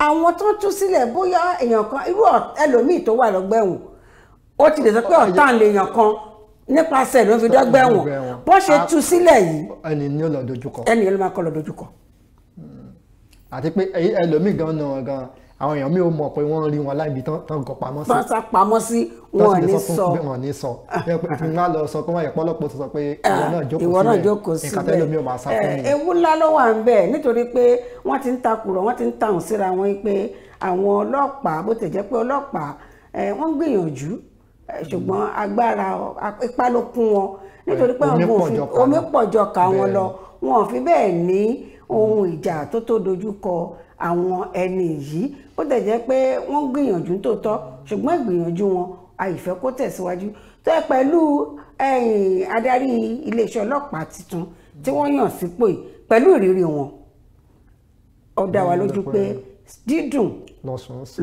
àwọn tó tú sílẹ̀ bóyá èèyàn kan irú ẹlòmíì tó wà lọ́gbẹ̀wọ̀n ó ti lè sọ pé ọ̀tá lèèyàn kan nípasẹ̀ ló fi dọ́gbẹ́ wọn bó ṣe tú sílẹ̀ yìí ẹni ni ó lọ dojúkọ ẹni ló máa kọ́ lọ dojúkọ. Hmm. àti pé ẹlòmíì gan náà gan àwọn èèyàn mi ò mọ̀ pé wọ́n rí wọn láìbi tán kọ pamọ́ sí. tọ́sà pamọ́ sí wọn ní sọ wọn ní sọ fún wa ah, ah, ah. lọ sọ pé wọ́n yẹ pọ́lọ́pọ̀ sọ pé ìwọ náà jókòó sílẹ̀ nǹkan tẹ́lẹ̀ mi ò máa sá fún mi. Eh, ewu ńlá ló wà ń bẹ̀ nítorí pé wọ́n ti ń takùrọ̀ wọ́n ti ń tàhùn síra wọn pé àwọn ọlọ́pàá bó tẹ̀ jẹ́ pé ọlọ́pàá eh, wọ́n ń gbìyànjú ṣùgbọ́n agbára ipá ló kún wọn nítorí pé àwọn omi pọ̀jọ ká wọn lọ wọn ò fi bẹ́ẹ̀ ní ohun ìjà tó tó dojú àwọn ẹni yìí ó dẹ̀ jẹ́ pé wọ́n gbìyànjú tó tọ́ ṣùgbọ́n ìgbìyànjú wọn àìfẹ́ kó tẹ̀síwájú tó yẹ pẹ̀lú adarí iléeṣẹ́ ọlọ́pàá tuntun tí wọ́n yàn sípò yìí pẹ̀lú ìrírí wọn ó dá lójú pé dídùn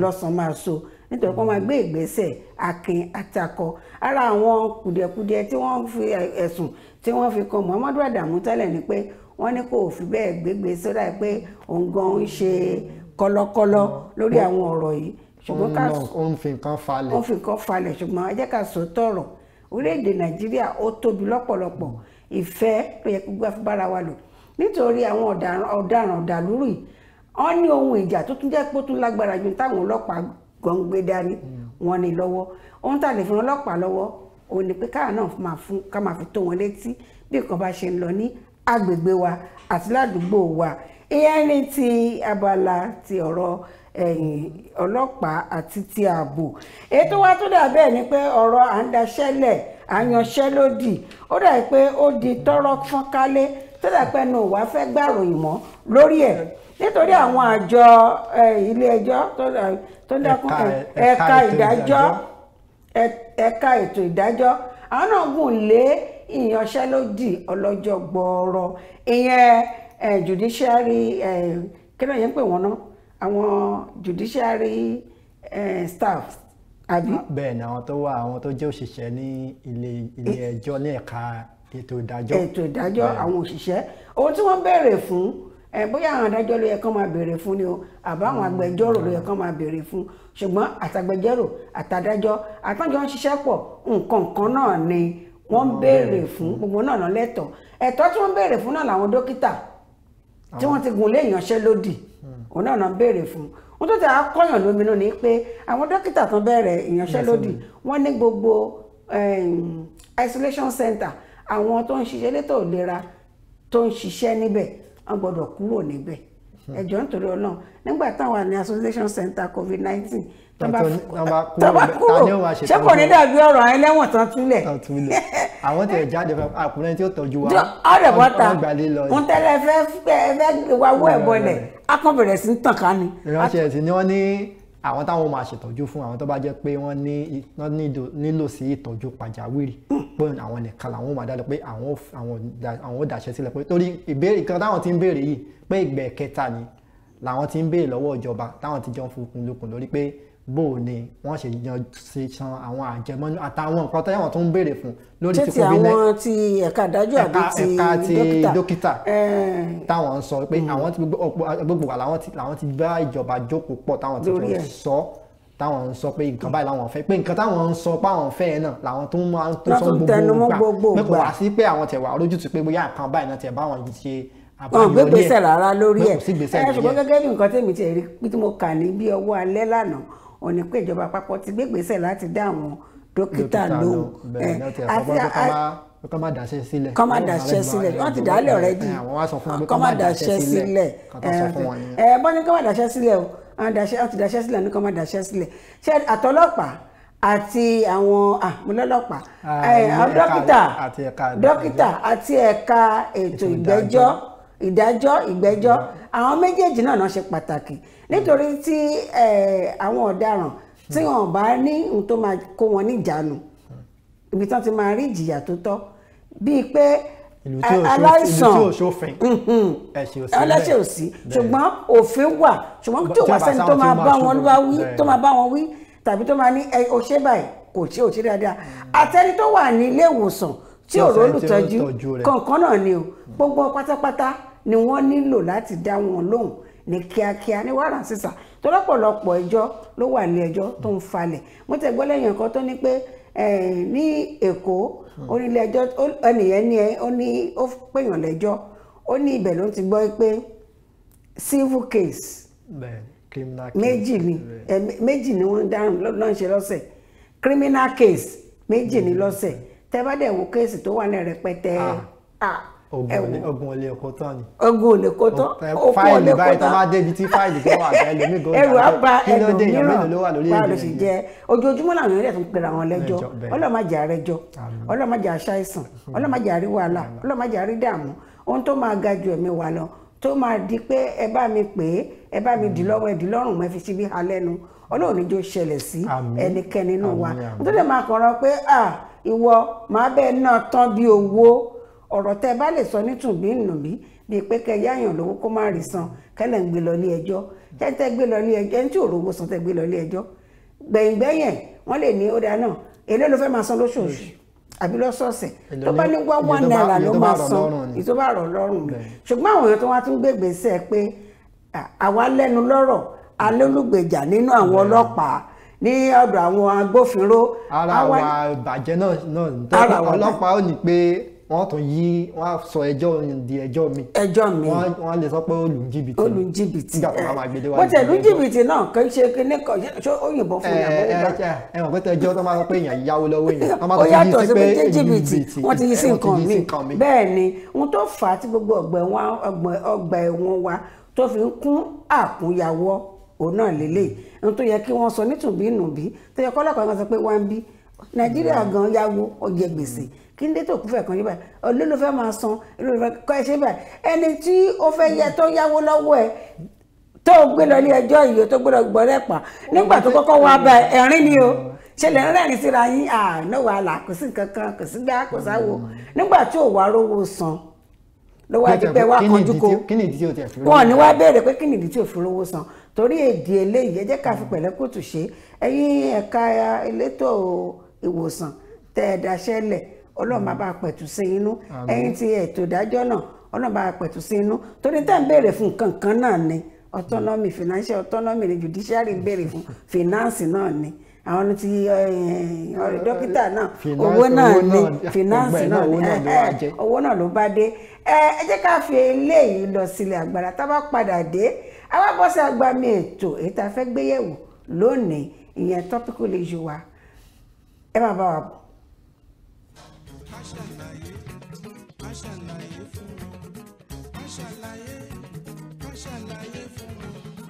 lọ́sàn máa so nítorí pé wọ́n máa gbé ìgbésẹ̀ akin àtakọ ara àwọn kùdìẹ̀kudiẹ tí wọ́n fi ẹ̀sùn tí wọ́n fi kan Muhammadu Adamu tẹ́lẹ̀ ni pé wọ́n ní kò fi bẹ́ẹ̀ gbégbé sódà pé òun gan ń ṣe kọ̀lọ̀kọ̀lọ̀ lórí àwọn ọ̀rọ̀ yìí ṣùgbọ́n ká òun fi nǹkan falẹ̀ òun fi nǹkan falẹ̀ ṣùgbọ́n ẹ jẹ́ ká sọ tọ̀rọ̀ orílẹ̀-èdè Nàìjíríà ó tóbi lọ́pọ̀lọpọ̀ ìfẹ́ ló yẹ kó gbá fún bára wa lò nítorí àwọn ọ̀daràn ọ̀dàlúrì wọ́n ní ohun ìjà tó tún jẹ́ pé ó tún lágbára ju táwọn ọlọ́pàá gan gbé dání wọ́n ní lọ́wọ́ ohun tá a lè fún ọlọ́pàá lọ́wọ́ òun ni pé káà náà máa fún ká máa fi tó wọn létí bí nǹkan bá ṣe ń lọ ní agbègbè wa àti ládùúgbò wa ìyẹn ní ti abala ti ọ̀rọ̀ ọlọ́pàá àti ti ààbò ètò wa tó dà bẹ́ẹ̀ ni pé ọ̀rọ̀ à ń daṣẹ́lẹ̀ à ó dà pé ó di tọ́rọ́ fọ́nkálé tó dà pé ẹnu òwá fẹ́ gbàròyìn mọ́ lórí ẹ̀ nítorí àwọn àjọ ilé ẹjọ́ tó dákun ẹ̀ka ìdájọ́ ẹ̀ka ètò ìdájọ́ àwọn náà gùn lé ìyanṣẹ́lódì ọlọ́jọ́ gbọ́ọ̀rọ̀ ìyẹn judiciary kí ló yẹn ń pè wọ́n ná àwọn judiciary staff àbí. bẹ́ẹ̀ ni àwọn tó wà àwọn tó jẹ́ òṣìṣẹ́ ní ilé ilé ẹjọ́ ní ẹ̀ka ètò ìdájọ́. ètò ìdájọ́ àwọn òṣìṣẹ́ ohun tí wọ́n béèrè fún ẹ bóyá àwọn adájọ́ ló yẹ kán máa béèrè fún ni o àbáwọn hmm. agbẹjọ́rò ló yẹ kán máa béèrè fún ṣùgbọ́n àtàgbẹjọ́rò àtàdájọ́ àtàjọ́ ń ṣiṣẹ́ pọ̀ nǹkan kan náà ni wọ́n ń béèrè hmm. fún gbogbo náà náà lẹ́tọ̀ọ́ ẹ̀tọ́ tí wọ́n ń béèrè fún náà làwọn dókítà tí wọ́n ti gùn lé ìyanṣẹ́lódì hmm. òun náà náà ń béèrè fún wọ́n tó ti àkọ́yàn lóminú ni pé àwọn dókítà tán bẹ̀rẹ̀ ìyanṣẹ́lódì wọ́n ní gbogbo isolation center àwọn tó ń ṣiṣẹ́ létò ìlera tó ń ṣiṣẹ́ níbẹ̀ wọ́n gbọ́dọ̀ kúrò níbẹ̀ ẹ̀jọ̀ nítorí Ọlọ́run nígbà táwọn ní association center covid nineteen tó bá *laughs* kúrò ṣé kò ní dàbí ọ̀rọ̀ àwọn ẹlẹ́wọ̀n tán túlẹ̀. àwọn tẹ̀ jáde àkùnrin tí ó tọ́jú wa ọ̀rẹ́ bọ́ta ń tẹ́lẹ̀ fẹ́ fẹ́ wá wọ́ ẹ̀ bọ́lẹ̀ á kàn bẹ̀rẹ̀ sí ń tàn ká ni. ìránṣẹ́ sí ni wọ́n ní àwọn táwọn máa ṣètọ́jú fún àwọn tó bá jẹ́ pé wọ́n nílò sí ìtọ́jú pàjáwìrì pé àwọn nìkan làwọn máa dálẹ̀ pé àwọn ò dàṣẹ sílẹ̀ pé torí ìbéèrè kan táwọn ti ń béèrè yìí pé ìgbẹ́ kẹta ni làwọn ti ń béèrè lọ́wọ́ ìjọba táwọn ti jọ ń fukun lukun lórí pé bó o ni wọ́n ṣe yan ṣe san àwọn àjẹmọ́nú àtàwọn nǹkan tó yẹ̀wọ̀n tó ń béèrè fún lórí ti covid nineteen. àwọn ti ẹ̀ka àdájọ́ àbí ti dókítà ẹ̀ka ti dókítà táwọn ń sọ pé hmm. àwọn ti gbogbo wa làwọn ti bá ìjọba jókòó pọ̀ táwọn ti fi sọ táwọn ń sọ pé nǹkan báyìí làwọn fẹ́ pé nǹkan táwọn ń sọ pé àwọn fẹ́ ẹ̀ náà làwọn tó máa ń tó sọ gbogbo gbà pé kò wá sí pé àwọn tẹ̀wà lójútùú pé bóyá nǹkan báyìí náà tẹ̀ bá wọn ṣe àbáyọ díẹ̀ gbégbèsè rárá lórí ẹ̀ ẹ̀ ṣùgbọ́n gẹ́gẹ́ bí nǹkan tèmi ti rí pé tí mo kà ní bí ọwọ́ alẹ́ lánàá ò ní pé ìjọba àpapọ̀ ti gbégbèsè láti dá àwọn dókítà lóhùn àti kọ́ kọ́ máa dàṣẹ sílẹ̀ wọ́n ti dàálẹ̀ ọ̀rẹ́dì kọ́ máa dàṣẹ sílẹ̀ ẹ bọ́n ní kọ́ máa dàṣẹ sílẹ̀ o wọ́n ti dàṣẹ sílẹ̀ ní kọ́ máa dàṣẹ sílẹ̀ ṣé àtọlọ́pàá àti àwọn àmúlọ́lọ́pàá dókítà dókítà àti ẹ̀ka ètò ìgbẹ́jọ́ ìdájọ́ ìgbẹ́jọ́ mm. àwọn méjèèjì náà náà ṣe pàtàkì mm. nítorí tí àwọn ọ̀daràn tí mm. wọn bá ní ohun tó máa kó wọn níjàánu ibi tán ti máa rí ìjìyà tó tọ́ bíi pé aláìsàn mm-hmm. aláṣẹ òsì ṣùgbọ́n òfin wà ṣùgbọ́n tí ò wá sẹ́ni tó máa bá wọn wí tó máa bá wọn wí tàbí tó máa ní ẹ o ṣe báyìí kò tí ò tí dáadáa àtẹni tó wà ní ilé ìwòsàn tí ò rólùtọ́jú kọ̀ọ̀kan náà ni o gbogbo pátápátá ni wọ́n nílò láti dá wọn lóhùn ní kíákíá ní wàrà sísà tó lọ́pọ̀lọpọ̀ ẹjọ́ ló wà ní ẹjọ́ tó ń falẹ̀ mo tẹ̀ gbọ́ lẹ́yìn nǹkan tó ní pé ní Èkó onílé ẹjọ́ ẹnìyẹn ní ẹ ó ní ó pèèyàn lẹ́jọ́ ó ní ibẹ̀ ló ti gbọ́ pé civil case méjì ni méjì ni wọ́n dáràn lọ́n ṣe lọ́sẹ̀ criminal case méjì ni lọ́sẹ̀ tẹ́ bá dẹ̀ wo kéèsì tó wà ní rẹpẹtẹ ah. Ah, ogun olè ọkọ tán ni. ogun olè ọkọ tán okun olè ọkọ tán. fáìlì báyìí tó bá débi tí fáìlì tó wà bẹ́ẹ̀ lómi gan-an. *laughs* ẹrù àbá ẹlòmíràn báwo ló sì jẹ ojoojúmọ́ làwọn èèyàn tún pera wọn lẹ́jọ́ ọlọ́màjà àrẹjọ́ ọlọ́màjà àṣàìsàn ọlọ́màjà àrí wàhálà ọlọ́màjà àrí dààmú ohun tó máa ga ju ẹ̀mí wa lọ tó máa di pé ẹ bá mi pè é ẹ bá mi dì lọ́wọ́ ẹ dì lọ́rùn mọ́ ẹ fi síbí ha lẹ́nu ọlọ́run ní jó ṣẹlẹ̀ sí ẹnikẹ́ni nínú wa nítorí máa kọ̀ọ̀rọ̀ pé ah ìwọ màá bẹ́ẹ̀ náà tán bí owó ọ̀rọ̀ tẹ́ ẹ bá lè sọ nítùbí nùbí bíi pé kẹ yáyàn lówó kó má rí san kẹlẹ̀ ń gbé lọ ilé ẹjọ́ jẹ́ tẹ́ gbé lọ ilé ẹjọ́ ẹni tí òróró san tẹ́ gbé lọ ilé ẹjọ́ gbẹ̀yìngbẹ̀yìn wọ́n lè ní ó dáa náà èlé ló fẹ́ máa san lóṣooṣù àbí lọ́sọ̀ọ̀sẹ̀ tó bá ní wọ́n one naira ló máa san ìtó lọ́rùn ni ṣùgbọ́n àwọn èèyàn tó wá tún gbègbè sẹ́ pé àwa lẹ́nu lọ́rọ̀ alólùgbèjà nínú àwọn ọlọ́pàá ní ọ̀dọ̀ àwọn agbófinró. ara wa ìbàjẹ́ náà ọlọ́pàá ò ní pé wọ́n tún yí wọ́n á sọ ẹjọ́ di ẹjọ́ mi ẹjọ́ mi wọ́n á lè sọ pé olùjìbìtì olùjìbìtì nígbà tó máa gbé déwájú bọ́tẹ̀ olùjìbìtì náà kì í ṣe kíní kan ṣé ó yìnbọn fún ìyàwó ìgbà ẹ ẹ mọ̀ pé tẹjọ́ tó máa sọ pé èèyàn yáwó lọ́wọ́ èèyàn wọ́n máa tún yí sí pé jìbìtì wọ́n ti yí sí nǹkan mi bẹ́ẹ̀ ni ohun tó fà á tí gbogbo ọgbà ẹ̀wọ̀n wa tó fi ń kún àkúnyàwó òun náà lélẹ̀ ohun tó yẹ kí nàìjíríà gan yáwó ọjẹ gbèsè kí n dé tó kú fẹ́ kan yí báyìí olólo fẹ́ máa san olólo fẹ́ kọ́ ẹ ṣe báyìí ẹni tí ó fẹ́ yẹ tó yáwó lọ́wọ́ ẹ tó gbé lọ ilé ẹjọ́ ìyó tó gbé lọ gbọ́dọ̀ pa nígbà tó kọ́kọ́ wá bá ẹ̀rín ni o ṣẹlẹ̀ rẹ́rìn síra yín àná wàhálà kò sí nǹkan kan kò sí gbá kò sáwo nígbà tí ò wá rówó san ló wá di pé wá kanjú ko wọn ni wá béèrè pé kí ìdí tí ò fi rówó san torí èdè eléyìí ẹ jẹ́ ká kóòtù ṣe ẹ̀yin ẹ̀ka elétò ìwòsàn tẹ̀ ẹ̀dáṣẹ́lẹ̀ ọlọ́run máa mm. bá pẹ̀tù sí inú ẹ̀yin ti ètò ìdájọ́ náà ọlọ́run bá pẹ̀tù sí inú torí tẹ́ ń béèrè fún nǹkan kan náà ni autonomy financial autonomy ni judiciary ń béèrè fún finance náà ni àwọn ti ọ̀rẹ́ eh, eh, eh, dókítà náà owó náà ni finance náà ni *laughs* owó náà ló bá dé ẹ jẹ́ ká fi eléyìí lọ sílẹ̀ àgbàrá tá a bá padà dé a bá bọ́ sí agbami ètò èyí tá a fẹ́ gbéyẹ̀wò lónìí ìyẹn topical issue wa ẹ máa bá wa bọ̀ a ṣàlàyé a ṣàlàyé fún wọn a ṣàlàyé a ṣàlàyé fún wọn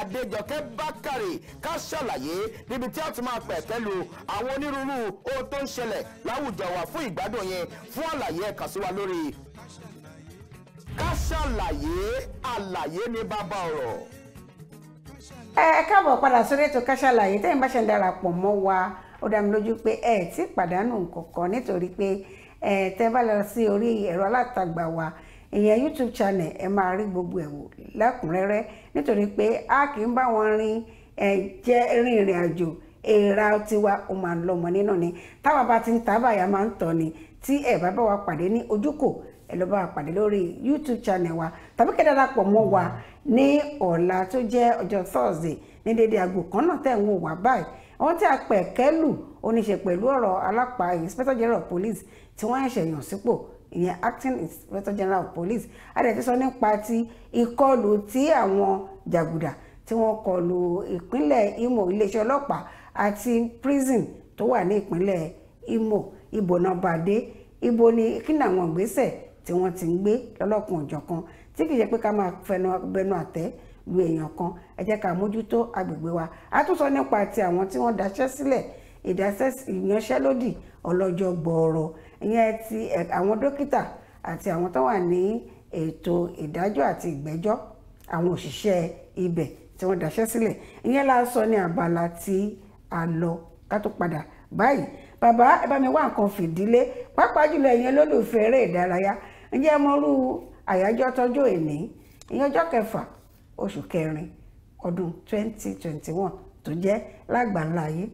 Adéjọkẹ́ Bákàrè ká ṣàlàyé níbi tí a ti máa pẹ̀kẹ́ lu àwọn onírúurú ohun tó ń ṣẹlẹ̀ láwùjọ wa fún ìgbádùn yẹn fún àlàyé ẹ kàn sí wa lórí ká ṣàlàyé àlàyé ní bàbá ọ̀rọ̀. ẹ káàbọ̀ padà sórí ètò ká ṣàlàyé tẹ́yìn bá ṣe ń darapọ̀ mọ́ wa ó dá mi lójú pé ẹ ti pàdánù nǹkan kan nítorí pé ẹ tẹ́ bá lọ sí orí ẹ̀rọ alátagbà wa ìyẹn youtube channel ẹ máa rí gbogbo ẹ̀wò wò lẹ́kùnrẹ́rẹ́ nítorí pé a kì í bá wọn rin ẹ̀ rin ìrìn àjò èèrà tiwa ó máa ń lọmọ nínú ni táwa bá ti ń ta máa ń tọ́ ni tí ẹ̀ bá bá wa pàdé ní ojúkò ẹ lọ bá wa pàdé lórí youtube channel wa tàbí mọ́ wa ní ọ̀la tó jẹ́ ọjọ́ thursday ní dédé aago tẹ̀ ń wò báyìí pẹ̀lú police tí ìyẹn acting inspector general of police adẹ̀tí sọ nípa ti ìkọlù tí àwọn jàgùdà tí wọ́n kọlù ìpínlẹ̀ Imo iléeṣẹ́ ọlọ́pàá àti prison tó wà ní ìpínlẹ̀ Imo ibo náà bá dé ibo ni kí ni àwọn ìgbésẹ̀ tí wọ́n ti ń gbé lọ́lọ́kùn òjọ̀kan tí kì í ṣe pé ká máa fẹnu bẹnu àtẹ́ lu èèyàn kan ẹ jẹ́ ká mójútó agbègbè wa a tún sọ nípa ti àwọn tí wọ́n daṣẹ́ sílẹ̀ ìdaṣẹ́ ìyanṣẹ́lódì ọlọ́jọ́ gbọ́ọ̀rọ̀ ìyẹn ti eh, àwọn dókítà àti àwọn tó wà ní ètò ìdájọ́ àti ìgbẹ́jọ́ àwọn òṣìṣẹ́ ibẹ̀ tí wọ́n dáṣẹ́ sílẹ̀ ìyẹn la sọ ní abala tí a lọ ká tó padà báyìí bàbá ẹ bá mi wá nǹkan fìdílé pàápàá jùlọ ìyẹn lólùfẹ́ eré ìdárayá ǹjẹ́ mo àyájọ́ tọ́jú èní ìyẹn ọjọ́ kẹfà oṣù kẹrin ọdún 2021 tó jẹ́ lágbàńlá ayé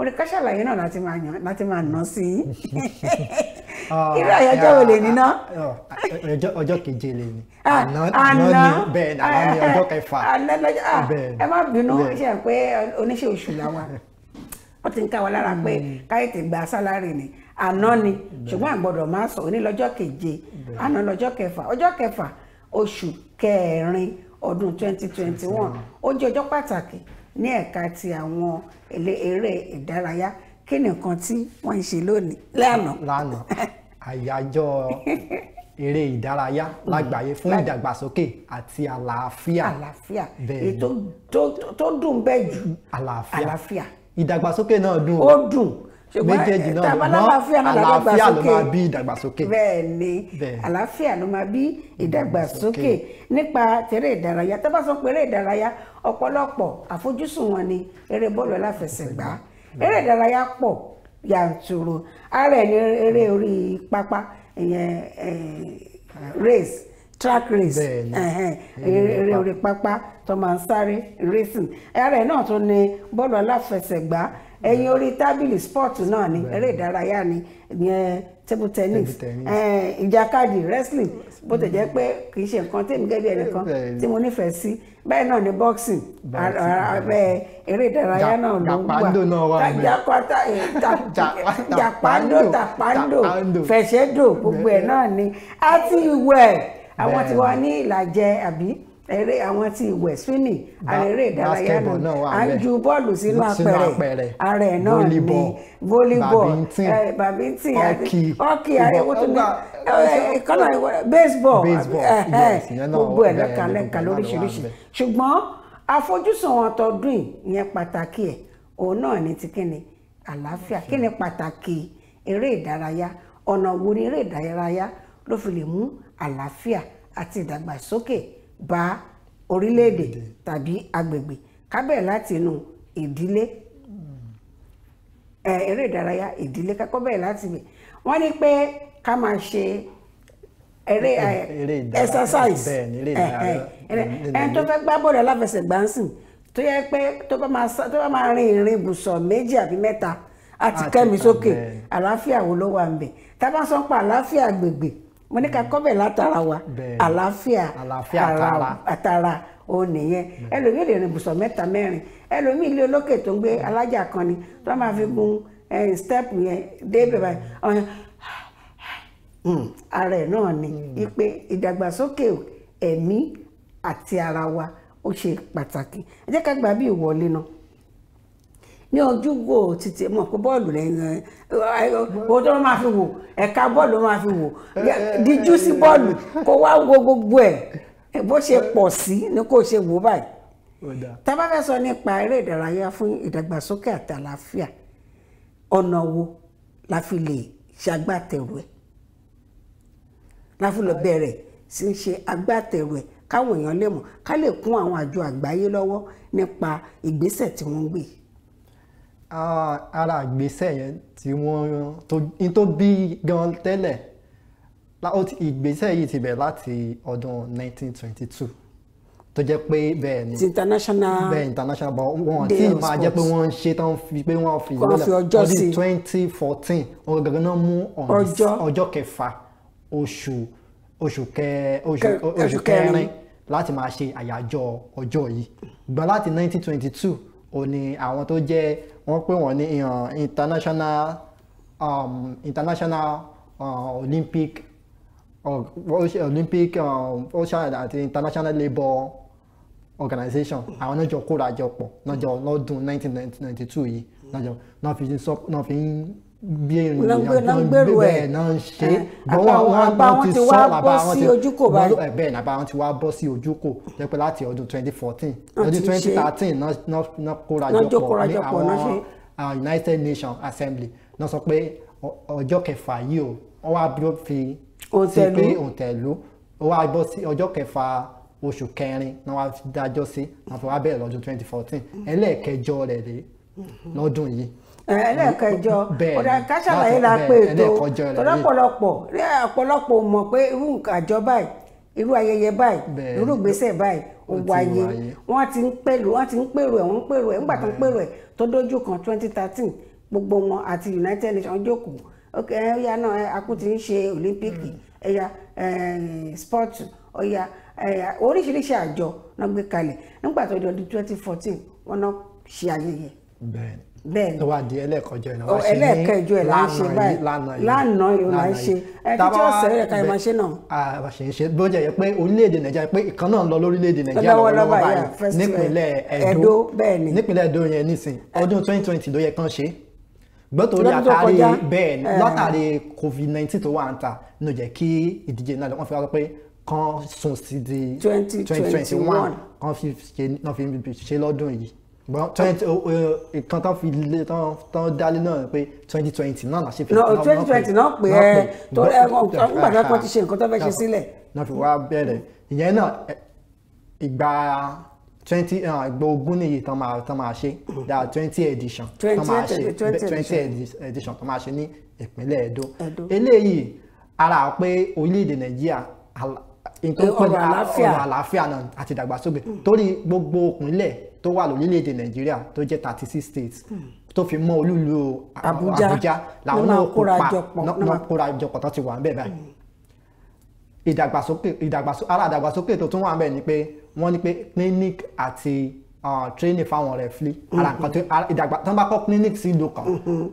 orí ká ṣàlàyé náà láti máa yàn láti máa nà sí i *laughs* ah, irú àyájọ́ wo lè níná. Ah, ah, ọjọ́ keje lè ní àná ní bẹ́ẹ̀ ni àná ní ọjọ́ kẹfà *laughs* bẹ́ẹ̀ ni. ẹ má bínú ṣe é pé oníṣẹ́ oṣù làwà wọ́n ti ń ká wa lára pé hmm. káyọ̀tì gba sálárì ni àná ni hmm. ṣùgbọ́n àgbọ̀dọ̀ máa sọ ní lọ́jọ́ keje àná lọ́jọ́ kẹfà ọjọ́ kẹfà oṣù kẹrin ọdún twenty twenty one ó jẹ́ ọjọ́ pàtàkì ní ẹ̀ka ti àwọn eré ìdárayá kí ni nǹkan tí wọ́n ń ṣe lónìí lánàá. lánàá àyájọ́ *laughs* eré ìdárayá lágbàáyé fún ìdàgbàsókè àti àlàáfíà. àlàáfíà èyí tó dùn bẹ́ẹ̀ jù. àlàáfíà ìdàgbàsókè náà dùn. ó dùn méjèèjì náà mọ àlàáfíà ló máa bí ìdàgbàsókè. bẹ́ẹ̀ ni àlàáfíà ló máa bí ìdàgbàsókè nípa tẹrẹ ìdárayá tó bá sọ pé eré ìdárayá ọ̀pọ̀lọpọ̀ àfojúsùn wọn ni eré bọ́ọ̀lù aláfẹsẹ̀gbá eré ìdárayá pọ̀ yàntúrú ara ẹni eré orí pápá ìyẹn eh, race track race eré orí pápá tó máa ń sáré racing ara ẹ náà tó ní bọ́ọ̀lù aláfẹsẹ̀gbá ẹ̀yin orí tábìlì sport náà ni eré ìdárayá ni ìyẹn table tennis ìjàkadì wrestling bó tẹ̀ jẹ́ pé kì í ṣe nǹkan tèmi gẹ́gẹ́ bí ẹnìkan tí mo nífẹ̀ẹ́ sí báyìí náà ni boxing eré ìdárayá náà ló ń wà jàpándò eh, *laughs* tàpándò fẹ̀ṣẹ́dò gbogbo ẹ̀ náà ni àti ìwẹ̀ àwọn tí wọ́n ní ìlàjẹ àbí eré àwọn ti ìwẹ̀ swimming àrèrè ìdárayá náà à ń ju bọ́ọ̀lù sínú apẹ̀rẹ̀ ara ẹ̀ náà ni volleyball badminton eh, hockey ariwo tó ní eh, eh, kọ́nà baseball gbogbo ẹ̀ lẹ́ka lẹ́ka lóríṣiríṣi ṣùgbọ́n àfojúsùn wọn tọdún ìyẹn pàtàkì ẹ̀ òun náà ni ti kíni àlàáfíà kíni pàtàkì eré ìdárayá ọ̀nà wo ni eré ìdárayá ló fi lè mú àlàáfíà àti ìdàgbàsókè bá orílẹ̀-èdè tàbí agbègbè ká bẹ̀rẹ̀ láti inú ìdílé eré ìdárayá ìdílé ká kọ́ bẹ̀rẹ̀ láti ibẹ̀ wọ́n ní pé ká máa ṣe eré exercise ẹni tó fẹ́ gbá bọ́ọ̀lù aláfẹsẹ̀gbá ń sìn tó yẹ pé tó bá máa rin ìrìn ibùsọ̀ méjì àbí mẹ́ta àti kẹ́mi sókè àlàáfíà wo ló wà ń bẹ̀ tá a bá sọ pé àlàáfíà agbègbè mo ní ká kọ́bẹ̀ látara wa àlàáfíà àtara ó nìyẹn ẹlòmíì lè rìn bùsọ̀ mẹ́ta mẹ́rin ẹlòmíì ilé olókè tó ń gbé alájà kan ni tó máa fi gun step yẹn dé bẹ̀rẹ̀ hmm, ara ẹ̀ náà ni hmm. ipe ìdàgbàsókè ẹ̀mí àti ara wa ó ṣe pàtàkì ẹ jẹ́ ká gbà bí ìwọlé náà ní ojú wo títí mọ̀ pé bọ́ọ̀lù lẹ́yìn ohun tó máa fi wò ẹ̀ka bọ́ọ̀lù máa fi wò díjú sí bọ́ọ̀lù kó wá wo gbogbo ẹ̀ bó ṣe pọ̀ sí ni kò ṣe wò báyìí. tá bá fẹ́ sọ nípa eré ìdárayá fún ìdàgbàsókè àti àlàáfíà ọ̀nà wo la fi lè ṣagbátẹrù ẹ̀ la fi lọ bẹ̀rẹ̀ sí ń ṣe agbátẹrù ẹ̀ káwọn èèyàn lè mọ̀ ká lè kún àwọn àjọ àgbáyé lọ́wọ́ nípa ìgbésẹ̀ tí wọ́n ń gbé yìí ara ìgbésẹ̀ yẹn tí wọ́n in tó bí gan tẹ́lẹ̀ ìgbésẹ̀ yìí ti bẹ̀ láti ọdún 1922 tó jẹ́ pé bẹ́ẹ̀ ni international bẹ́ẹ̀ international but wọ́n tí máa jẹ́ pé wọ́n ń ṣe tán fi pé wọ́n fi ìwé ọjọ́ sí 2014 ọ̀rọ̀ gàgán náà mú ọjọ́ kẹfà oṣù oṣù kẹrin láti máa ṣe àyájọ́ ọjọ́ yìí gbọ́n láti 1922 òní àwọn tó jẹ́ wọ́n pè wọ́n ní uh, international um, international uh, olympic uh, olympic uh, ocean àti international labour organization àwọn náà jọ kóra jọ pọ̀ náà jọ lọ́dún 1992 yìí náà jọ náà fi ń bí ènìyàn gbèrò ẹ̀ náà ń ṣe àbá wọn ti wá bọ́ sí ojúkò báyìí bẹ́ẹ̀ nàbá wọn ti wá bọ́ sí ojúkò jẹ́pẹ́ láti ọdún twenty fourteen ọdún twenty thirteen náà kórajọpọ̀ ní àwọn United Nations Assembly náà sọ pé ọjọ́ kẹfà yìí o wọ́n wá bí ó fi ṣe pé òǹtẹ̀lú ó wá bọ́ sí ọjọ́ kẹfà oṣù kẹrin náà wá dájọ́ sí náà fi wá bẹ̀rẹ̀ lọ́dún twenty fourteen mm. ẹlẹ́ẹ̀kẹjọ rẹ̀ rèé mm-hmm. lọ́dún yìí ẹlẹ́ẹ̀kẹjọ ọ̀dà káṣàlàyé la pé ètò tọ́lọ́pọ̀lọpọ̀ ọ̀pọ̀lọpọ̀ mọ̀ pé irú nǹkan àjọ báyìí irú ayẹyẹ báyìí irú ìgbésẹ̀ báyìí ó wáyé wọ́n ti ń pèrò wọ́n ti ń pèrò ẹ̀ wọ́n ń pèrò ẹ̀ pèrò ẹ̀ tó dójú kan twenty gbogbo wọn àti United Nations jókòó ok ẹ̀yà náà akú ti ń ṣe Olympic hmm. ẹ̀yà sport ọ̀yà oríṣiríṣi àjọ náà gbé kalẹ̀ nígbà tó di ọdún twenty fourteen náà ṣe bẹ́ẹ̀ ni wàá di ẹlẹ́ẹ̀kọjọ ìnáwó ṣe ní ẹlẹ́ẹ̀kẹjọ ẹ̀ láà ṣe báyìí yìí lánàá yìí láà ṣe ẹ̀kí tí ọ̀sẹ̀ rẹ̀ ká ẹ̀ máa ṣe náà. àbá ah, ṣe ń ṣe bó jẹ́ pé orílẹ̀-èdè nàìjíríà pé ìkan náà ń lọ lórílẹ̀-èdè nàìjíríà lọ́wọ́lọ́wọ́ báyìí nípínlẹ̀ ẹ̀dó bẹ́ẹ̀ ni ẹ̀dó yẹn nísìn eh. ọdún twenty twenty ló yẹ kán ṣe gbọ́tò orí àtàrí bẹ́ẹ̀ eh. látàrí covid nineteen tó wà ń ta 20 quand quand on d'aller nǹkan tán fi lé tán tán dálé náà pé twenty twenty náà la ṣe fi. twenty twenty náà eh, ah, pé ẹ tó ẹ nígbà tó kàn ti ṣe nǹkan tó fẹ́ ṣe il náà fi wá bẹ̀rẹ̀ ìyẹn náà 20 éditions ìgbà ogún nìyí tán máa tán máa ṣe da twenty edition tán máa ṣe twenty edition tán máa ṣe ní ìpínlẹ̀ Ẹdó eléyìí ara pé orílẹ̀-èdè Nàìjíríà nǹkan pẹ̀lú ọ̀rọ̀ àlàáfíà náà àti ìdàgbàsókè torí gbogbo òkùnlẹ̀ tó wà lórílẹ̀‐èdè nàìjíríà tó jẹ́ thirty six states tó fi mọ́ olúlu Àbújá làwọn náà kóra jọpọ̀ tó ti wà ń bẹ̀ báyìí ìdàgbàsókè ìdàgbàsókè ara ìdàgbàsókè tó tún wà ń bẹ̀ ni pé wọ́n ní pé clinic àti uh, training fáwọn rẹ̀ fili ara mm-hmm. nǹkan tó ìdàgbà tó ń bá kọ́ clinic sí ìlú kan mm-hmm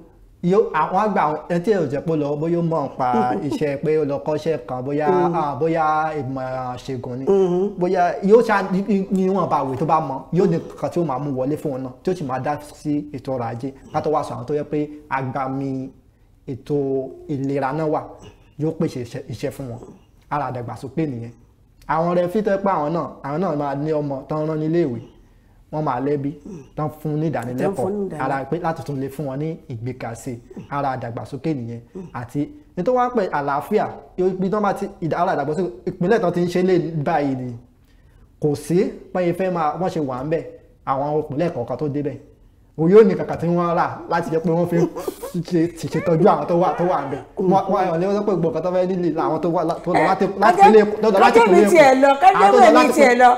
yóò àwọn àgbà ẹni tí èrò jẹ́ pé lọ bóyá ó mọ̀ ń pé ó lọ kọ́ṣẹ́ kan bóyá mm-hmm. bóyá ìmọ̀ ṣègùn ni mm-hmm. bóyá yóò ṣá ní wọn bá wè tó bá mọ yóò ní kan tí ó máa mú wọlé fún wọn náà tí ó sì máa dá sí ètò ọrọ̀ ajé pátó wàásù àwọn tó yẹ pé agbami ètò ìlera náà wà yóò pèsè iṣẹ́ fún wọn ara àdàgbàsókè nìyẹn àwọn rẹ̀ fítọ́ pé àwọn náà àwọn náà máa ní ọmọ tán rán níléèwé wọ́n máa lẹ́bi tán fún ní ìdánilẹ́kọ̀ọ́ ara pé láti tún lè fún wọn ní ìgbékasí ara àdàgbàsókè nìyẹn àti nítorí wọ́n á pè àlàáfíà ibi tán bá ti ara àdàgbàsókè ìpínlẹ̀ tán ti ń ṣe lè báyìí ni kò sí pé ife máa wọ́n ṣe wà ń bẹ̀ àwọn ìpínlẹ̀ kọ̀ọ̀kan tó débẹ̀ òun yóò ní kàkà tí wọ́n rà láti jẹ́ pé wọ́n fi ṣiṣẹ́ tọ́jú àwọn tó wà tó wà nbẹ̀ wọ́n ọ̀lẹ́ wọ́n pé gbọ̀ngàn tó fẹ́ nílé àwọn tó lọ láti eh, ilé tó lọ láti ìpínlẹ̀ Èkó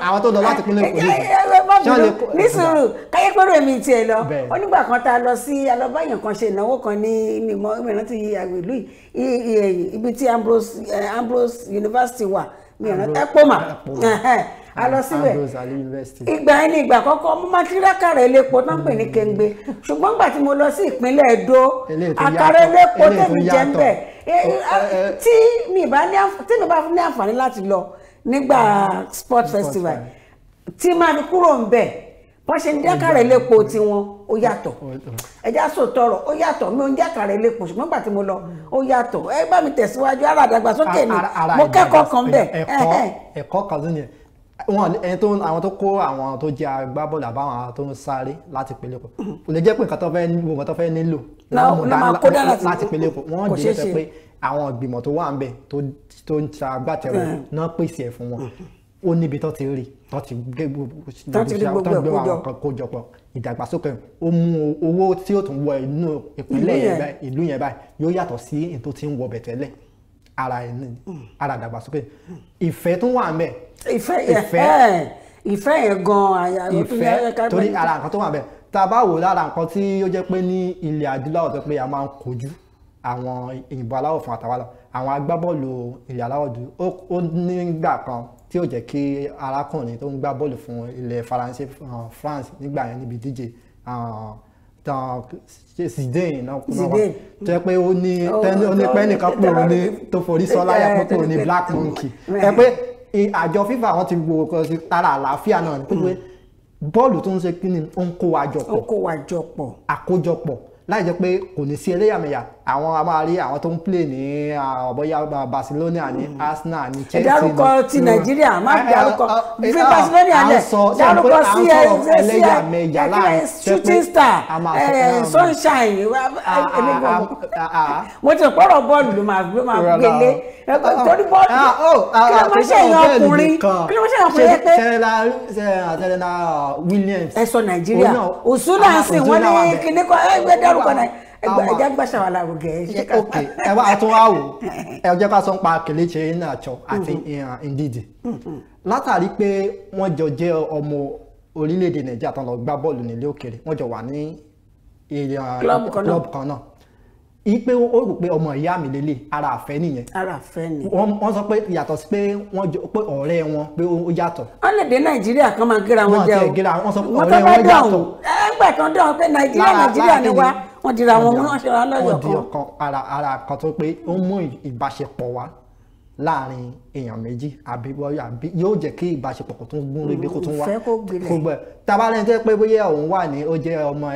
àwọn tó lọ láti ìpínlẹ̀ Èkó nìkan. ní sùúrù káyépẹ́rù èmi tiẹ̀ lọ onígbà kan tá a lọ sí alọ́bàyàn kan ṣe ìnáwó kan ní mímọ́ ìrántí àgbèlú eh, ibi tí Ambrose eh, University wà mímọ́ ẹ̀pọ̀ mà a lọ síbẹ̀ ìgbà yẹn ni ìgbà àkọ́kọ́ mo máa tiraka rẹ̀ lépo náà pè ní kengbe ṣùgbọ́n gbà tí mo lọ sí ìpínlẹ̀ Èdò àkàrà lépo tèmi jẹ́ ń bẹ̀ tí mi bá ní àǹfààní láti lọ nígbà ah, sport festival tí máa fi kúrò ń bẹ̀ wọ́n ṣe ń jákàrẹ̀ lépo tiwọn ó yàtọ̀ ẹja sòtọ̀rọ̀ ó yàtọ̀ mi ò ń jákàrẹ̀ lépo ṣùgbọ́n gbà tí mo lọ ó yàtọ̀ ẹ bá mi tẹ̀síwájú ara àdàgbàsókè ni mo kẹ́kọ̀ọ́ kan bẹ̀. ẹ̀kọ́ ẹ̀kọ́ kan ló ní ẹ̀ wọn ẹni tó àwọn tó kó àwọn tó jẹ agbábọ́ọ̀lù àbáwọn tó ń sáré láti pélé kọ kò lè jẹ́ pé nǹkan tó fẹ́ nílò nǹkan tó fẹ́ nílò láti pélé kọ wọ́n jẹ́ sọ pé àwọn ìgbìmọ̀ tó wà ń bẹ̀ tó ń ta agbátẹrù náà pèsè ẹ̀ fún wọn ó níbi tó ti rí tó ti gbé gbogbo àwọn kan kójọpọ̀ ìdàgbàsókè ó mú owó tí ó tún wọ inú ìpínlẹ̀ ìlú yẹn báyìí yóò yàtọ̀ sí ètò tí ń wọ bẹ̀tẹ̀lẹ̀ ara ẹni hmm. ara ìdàgbàsókè ìfẹ́ tún wà mẹ́. ìfẹ́ yẹn ìfẹ́ yẹn gan-an. ìfẹ́ torí ara nǹkan tó wà mẹ́ tá a bá wò lára nǹkan tí ó jẹ́ pé ní ilẹ̀ adúláwọ̀ tó pé a máa ń kojú àwọn òyìnbó aláwọ̀ fún àtàwọn àwọn agbábọ́ọ̀lù ilẹ̀ aláwọ̀ dúdú ó nígbà kan tí ó jẹ́ kí arákùnrin tó ń gbá bọ́ọ̀lù fún ilẹ̀ Faransé eh, France nígbà yẹn níbi díje ah, Zidane náà kúnná wa jẹ́ pé ó ní pẹ́ nìkan pé òun ní tó forí sọ láyà pé pé ní black monkey ẹ pé àjọ FIFA wọn ti wo kan sí tara àlàáfíà náà pé bọ́ọ̀lù tó ń ṣe kí ni ó ń kó wa àkójọpọ̀ láì jẹ́ pé kò ní sí ẹlẹ́yàmẹ̀yà àwọn a máa rí àwọn tó ń play ní ọ̀bọ̀yá Barcelona ní mm. Arsenal ní Chelsea. ìdárúkọ ti Nàìjíríà má fi dárúkọ fi Barcelona lẹ dárúkọ sí ẹ sí ẹ shooting star sunshine mo ti pọ̀rọ̀ bọ́ọ̀lù ló máa gbélé torí bọ́ọ̀lù oh, kí ló máa ṣe èèyàn ọkùnrin kí ló máa ṣe èèyàn ọkùnrin pé. Serena Williams. ẹ sọ Nàìjíríà Òṣùlà ń sìn wọ́n ní kíní kan ẹ gbẹ dárú padà ẹjẹ *laughs* mm-hmm. uh, mm-hmm. látàrí pé wọ́n jọ jẹ́ ọmọ orílẹ̀-èdè Nàìjíríà tán lọ gbá bọ́ọ̀lù nílé òkèrè wọ́n jọ wà ní uh, club kan náà ipe ó rò pé ọmọ ìyá mi lélẹ̀ ara àfẹ́ nìyẹn. ara àfẹ́ ni. wọ́n sọ pé yàtọ̀ sí pé wọ́n jọ pé ọ̀rẹ́ wọn pé ó yàtọ̀. wọ́n nàìjíríà kan máa gíra wọn jẹ́ o. wọ́n ti gíra wọ́n sọ pé ọ̀rẹ́ wọn yàtọ̀. ẹgbẹ́ kan dáhùn pé nàìjíríà nàìjíríà ni wá wọ́n dira wọn mú wọ́n ṣe ra lọ́yọ̀ kan. wọ́n di ọ̀kan ara ara kan tó pé ó mú ìbáṣepọ̀ wá láàrin èèyàn méjì àbí bọ́yọ̀ àbí yóò jẹ́ kí ìbáṣepọ̀ kò tún gún régé kó tún wá kó gbẹ tabalẹ̀ tó pé bóyá òun wà ní ó jẹ́ ọmọ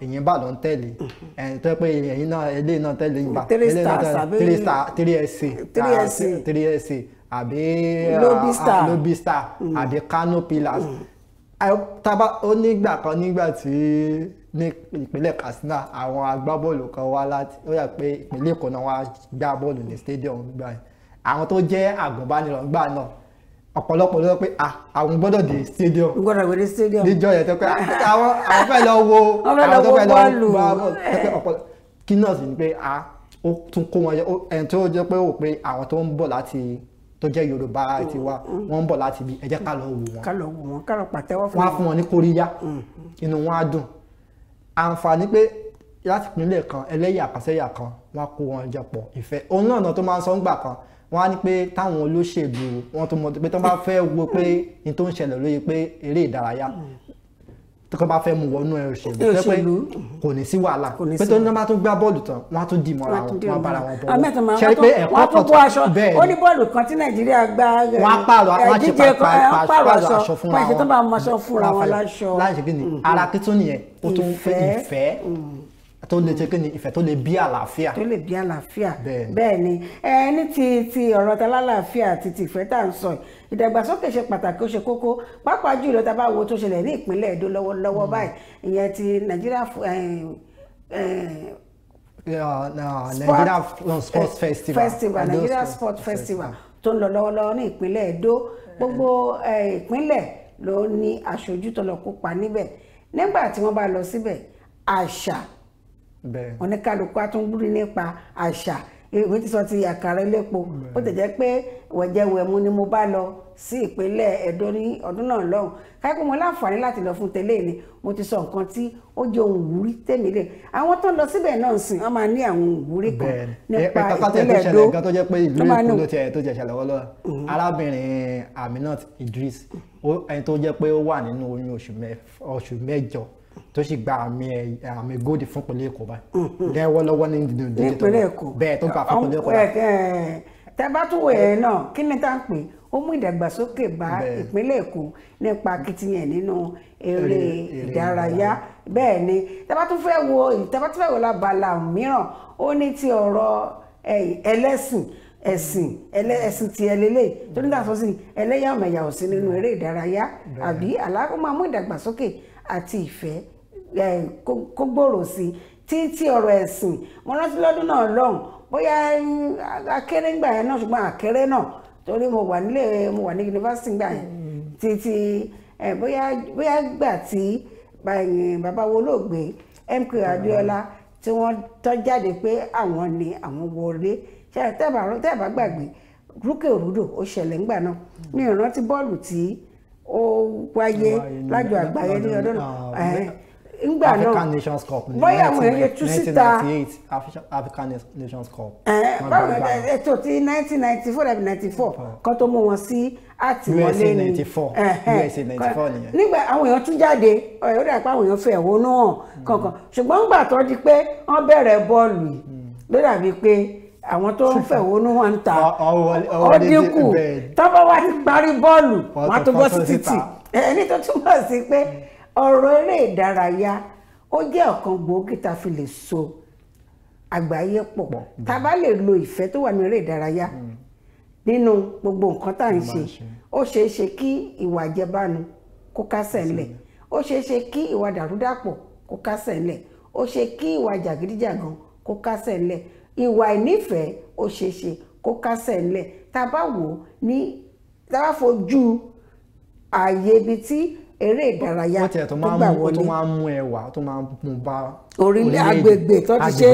èèyàn bá ló ń tẹ̀lé mm-hmm. ẹ̀yìn tó pé èyí náà ilé náà tẹ̀lé ìgbà ilé náà tẹ̀lé three ẹ̀sì three ẹ̀sì àbí lobista mm. àbí kano pillars mm. taba ó nígbà kan nígbà tí ní ìpínlẹ̀ Katsina àwọn agbábọ́ọ̀lù kan wá láti ó yà pé ìpínlẹ̀ Èkó náà wá gbá bọ́ọ̀lù ní stadium gbà yẹn àwọn tó jẹ́ àgùnbánirọ̀ gbà náà ọ̀pọ̀lọpọ̀ ló sọ pé àwọn gbọ́dọ̀ dé stadium gbọ́dọ̀ wẹ̀rẹ̀ stadium níjọ yẹn tó pé àwọn fẹ́ lọ wo *laughs* àwọn tó fẹ́ lọ gbá bọ́ọ̀lù kí náà sì ni pé a ó tún kó wọn ẹni tó jẹ́ pé ó pé àwọn tó ń bọ̀ láti tó jẹ́ yorùbá ti wa mm, mm. wọ́n ń bọ̀ láti ibi ẹ ká lọ wò wọ́n ká lọ wò wọ́n ká lọ pàtẹ́wọ́ fún wọn wọ́n á fún wọn ní kóríyá mm. inú wọn á dùn àǹfààní pé láti ìpínlẹ̀ kan ẹlẹ́yà kan sẹ́yà kan wọ́n kó wọn jọ pọ̀ ìfẹ́ òun náà náà tó máa ń sọ ńgbà kan wọ́n á ní pé táwọn olóṣèlú wọn tó mọ̀ pé tó bá fẹ́ wo pé ní tó ń ṣẹlẹ̀ lóye pé eré ìdárayá tó kọ́ bá fẹ́ mú wọnú òṣèlú pé pé kò ní sí wàhálà pé tó ní wọ́n bá tún gbá bọ́ọ̀lù tán wọ́n á tún di mọ́ra wọn bára wọn bọ́ọ̀lù ṣe pé ẹ̀kọ́ pọ̀tọ̀ bẹ́ẹ̀ ni ó kan tí nàìjíríà gbá wọ́n á eh, pààrọ̀ wọ́n á ṣe eh, eh, pààrọ̀ aṣọ fúnra wọn láṣẹ kí ni mm. ara kí tún nìyẹn ó tún fẹ́ ìfẹ́ mm tó lè ṣe kí ni ìfẹ́ tó lè bí àlàáfíà. tó lè bí àlàáfíà bẹ́ẹ̀ ni ní ti ti ọ̀rọ̀ ta lálàáfíà àti ti ìfẹ́ tá à ń sọ ìdàgbàsókè ṣe pàtàkì ó ṣe kókó pàápàá jùlọ tá a bá wo tó ṣẹlẹ̀ ní ìpínlẹ̀ Èdó lọ́wọ́lọ́wọ́ mm. báyìí ìyẹn ti Nàìjíríà Nigeria Sports Festival Festival Nigeria Sports Festival tó ń lọ lọ́wọ́lọ́wọ́ ní ìpínlẹ̀ Èdó gbogbo ìpínlẹ̀ ló ní aṣojú tó lọ kópa níbẹ̀ nígbà tí wọ́n bá lọ síbẹ̀ àṣà oníkálukú àtúngbúrí nípa àṣà ìwé ti sọ ti àkàrà elépo ó tẹ̀ jẹ́ pé wẹ̀jẹ̀wẹ̀mu ni mo bá lọ sí ìpínlẹ̀ Ẹdó ní ọdún náà lọ́hùn káyọ̀pọ̀ mo láǹfààní láti lọ fún tẹ́lẹ̀ ni mo ti sọ nǹkan tí ó jẹ ohun ìwúrí tèmi lè àwọn tó ń lọ síbẹ̀ náà sìn wọ́n máa ní àwọn ìwúrí kan nípa ìpínlẹ̀ Ẹdó ẹ̀ka tó jẹ́ pé ìlú Èkó ló tiẹ̀ tó jẹ́ ṣẹlẹ̀ wọ́lọ́ mm-hmm. arábìnrin Aminat Idris ẹni tó jẹ́ pé ó wà nínú oyún oṣù mẹ́jọ tó sì gba àmì àmì góòdì fún pẹ̀lú èkó báyìí lẹ́wọ́lọ́wọ́ mm, mm. ní dídí ìpínlẹ̀ èkó bẹ́ẹ̀ tó gbà fún pẹ̀lú èkó báyìí. tẹ bá tún wẹ̀ ẹ́ náà kí ni tá à ń pè ó mú ìdàgbàsókè bá ìpínlẹ̀ èkó nípa akitiyan nínú eré ìdárayá bẹ́ẹ̀ ni tẹ bá tún fẹ́ wo tẹ bá tún fẹ́ wo lábala mìíràn ó ní ti ọ̀rọ̀ ẹlẹ́sìn ẹ̀sìn ẹlẹ́sìn ti ẹlẹ́lẹ́ tó nígbà tó sì ẹlẹ́yàmẹ̀yà ò sí nínú eré ìdárayá àbí àlàkó máa mú ìdàgbàsókè àti ìfẹ́ eh, kó gbòòrò sí i títí ọ̀rọ̀ ẹ̀sìn mo rántí lọ́dún náà lọ́hùn bóyá akéré ńgbà yẹn náà ṣùgbọ́n akéré náà torí mo wà nílé mo wà ní yunifásitì ńgbà yẹn mm. títí eh, bóyá bóyá gbà tí bàbá wo olóògbé MK Abíọ́lá tí wọ́n tọ́ jáde pé àwọn ni àwọn wọlé tẹ́ẹ̀bà gbàgbé rúkèrúdò ó ṣẹlẹ̀ ńgbà náà mi ò bọ́ọ̀lù tí ó wáyé lájọ àgbáyé ní ọdún ah, náà ngbà náà African Nations Cup ní bóyá mo yẹ tú síta African Nations Cup. báwo ẹ tó ti nineteen ninety four ẹbí ninety four kan tó mú wọn sí àtìmọ́lé ni USA ninety four nìyẹn. nígbà àwọn èèyàn tún jáde ó dà pé àwọn èèyàn fẹ́ ẹ̀hónú hàn kankan hmm. ṣùgbọ́n ngbà tó di pé wọ́n bẹ̀rẹ̀ bọ́ọ̀lù yìí hmm. ló dàbí pé àwọn tó ń fẹ̀hónú wọn ń ta ọ tọ́bọ̀ wá ti parí bọ́ọ̀lù wọn tó bọ́ sí títì ẹni tó túmọ̀ sí pé mm. ọ̀rọ̀ eré ìdárayá ó jẹ́ ọ̀kan gbòógì tá a fi lè so àgbáyé pọ̀ tá a bá lè lo ìfẹ́ tó wà ní eré ìdárayá mm. nínú gbogbo nǹkan tá à ń ṣe ó ṣeé ṣe kí ìwà àjẹbánu kó kásẹ̀ ńlẹ̀ ó ṣeé ṣe kí ìwà dàrúdàpọ̀ kó kásẹ̀ ńlẹ̀ ó ṣe kí ìwà jàgídíjàgan kó kásẹ̀ ńlẹ̀ ìwà ìnífẹ̀ẹ́ ó ṣeé ṣe kó kásẹ̀ ńlẹ̀ tá a bá wò ó ní tá a bá fojú ààyè ibi tí eré ìdárayá tó gbà wọlé tó máa ń mú ẹwà tó máa ń mú bá orílẹ̀ agbègbè tó ti ṣe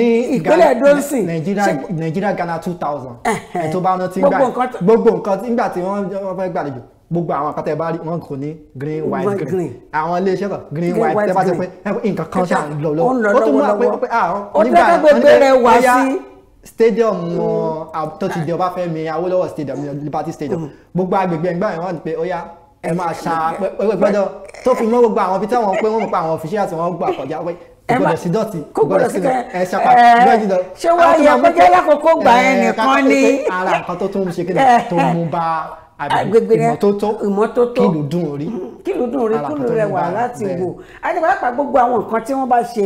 ní ìpínlẹ̀ donsin Nigeria Ghana two thousand ẹ̀ tó bá rántí gbogbo nǹkan nígbà tí wọ́n fẹ́ gbàlejò gbogbo àwọn akátẹ bá rí wọn kò ní green white green àwọn iléeṣẹ́ kan green white tẹ bá ti pé nǹkan kan ṣáà ń lọ lọ́wọ́ ó tún mọ̀ pé pé ah nígbà ẹ̀yà stadium mm. uh, tó ti ah. di Ọbáfẹ́mi Awólọ́wọ̀ stadium Liberty Stadium mm. gbogbo agbègbè ẹgbẹ́ yẹn wọ́n ní pé ó yá ẹ máa ṣa pẹ́pẹ́pẹ́dọ̀ tó fi mọ́ gbogbo àwọn ibi táwọn pé wọ́n mọ̀ pé àwọn òfìṣẹ́ àti wọ́n gbà kọjá pé kò gbọdọ̀ sí dọ̀tí kò gbọdọ̀ sí ẹ ṣapa lọ́jì lọ. ṣé wọ́n yẹ kó jẹ́ lákòókò gbà ẹ nìkan ni. ara nǹkan tó tún ṣe kí ni tó mú bá àbí ìmọ́tótó kí ló dùn rí mm-hmm. kí ló dùn rí kí ló rẹwà láti wò àti pàápàá gbogbo àwọn nǹkan tí wọ́n bá ṣe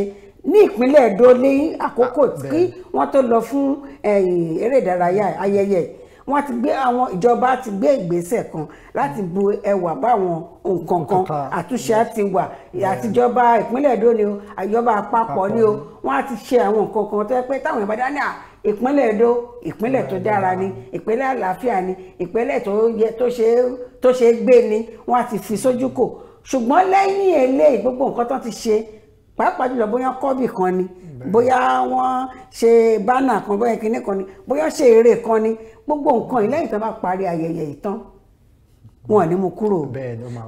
ní ìpínlẹ̀ Èdó ní àkókò ah, kí wọ́n tó lọ fún eh, eré ìdárayá ayẹyẹ wọ́n ti gbé àwọn ìjọba ti gbé ìgbésẹ̀ kan láti bu ẹwà báwọn nǹkan kan àtúnṣe àti wà àtijọba ìpínlẹ̀ Èdó ni o àjọba àpapọ̀ ni o wọ́n á ti ṣe àwọn nǹkan tó yẹ pé táwọn ìbàdàn ní à ìpínlẹ̀ Èdó ìpínlẹ̀ tó dára ni ìpínlẹ̀ àlàáfíà ni ìpínlẹ̀ tó yẹ tó ṣe tó ṣe gbé ni wọ́n á ti fi sójú kò ṣùgbọ́n lẹ́yìn eléyìí gbogbo nǹkan tó ti ṣe pàápàá jùlọ bóyá kọ́bì kan ni bóyá wọ́n ṣe bánà kan bóyá kinní kan ni bóyá ṣe eré kan ni gbogbo nǹkan ìlẹ́yìn tó bá parí ayẹyẹ ìtàn wọn ò ní mu kúrò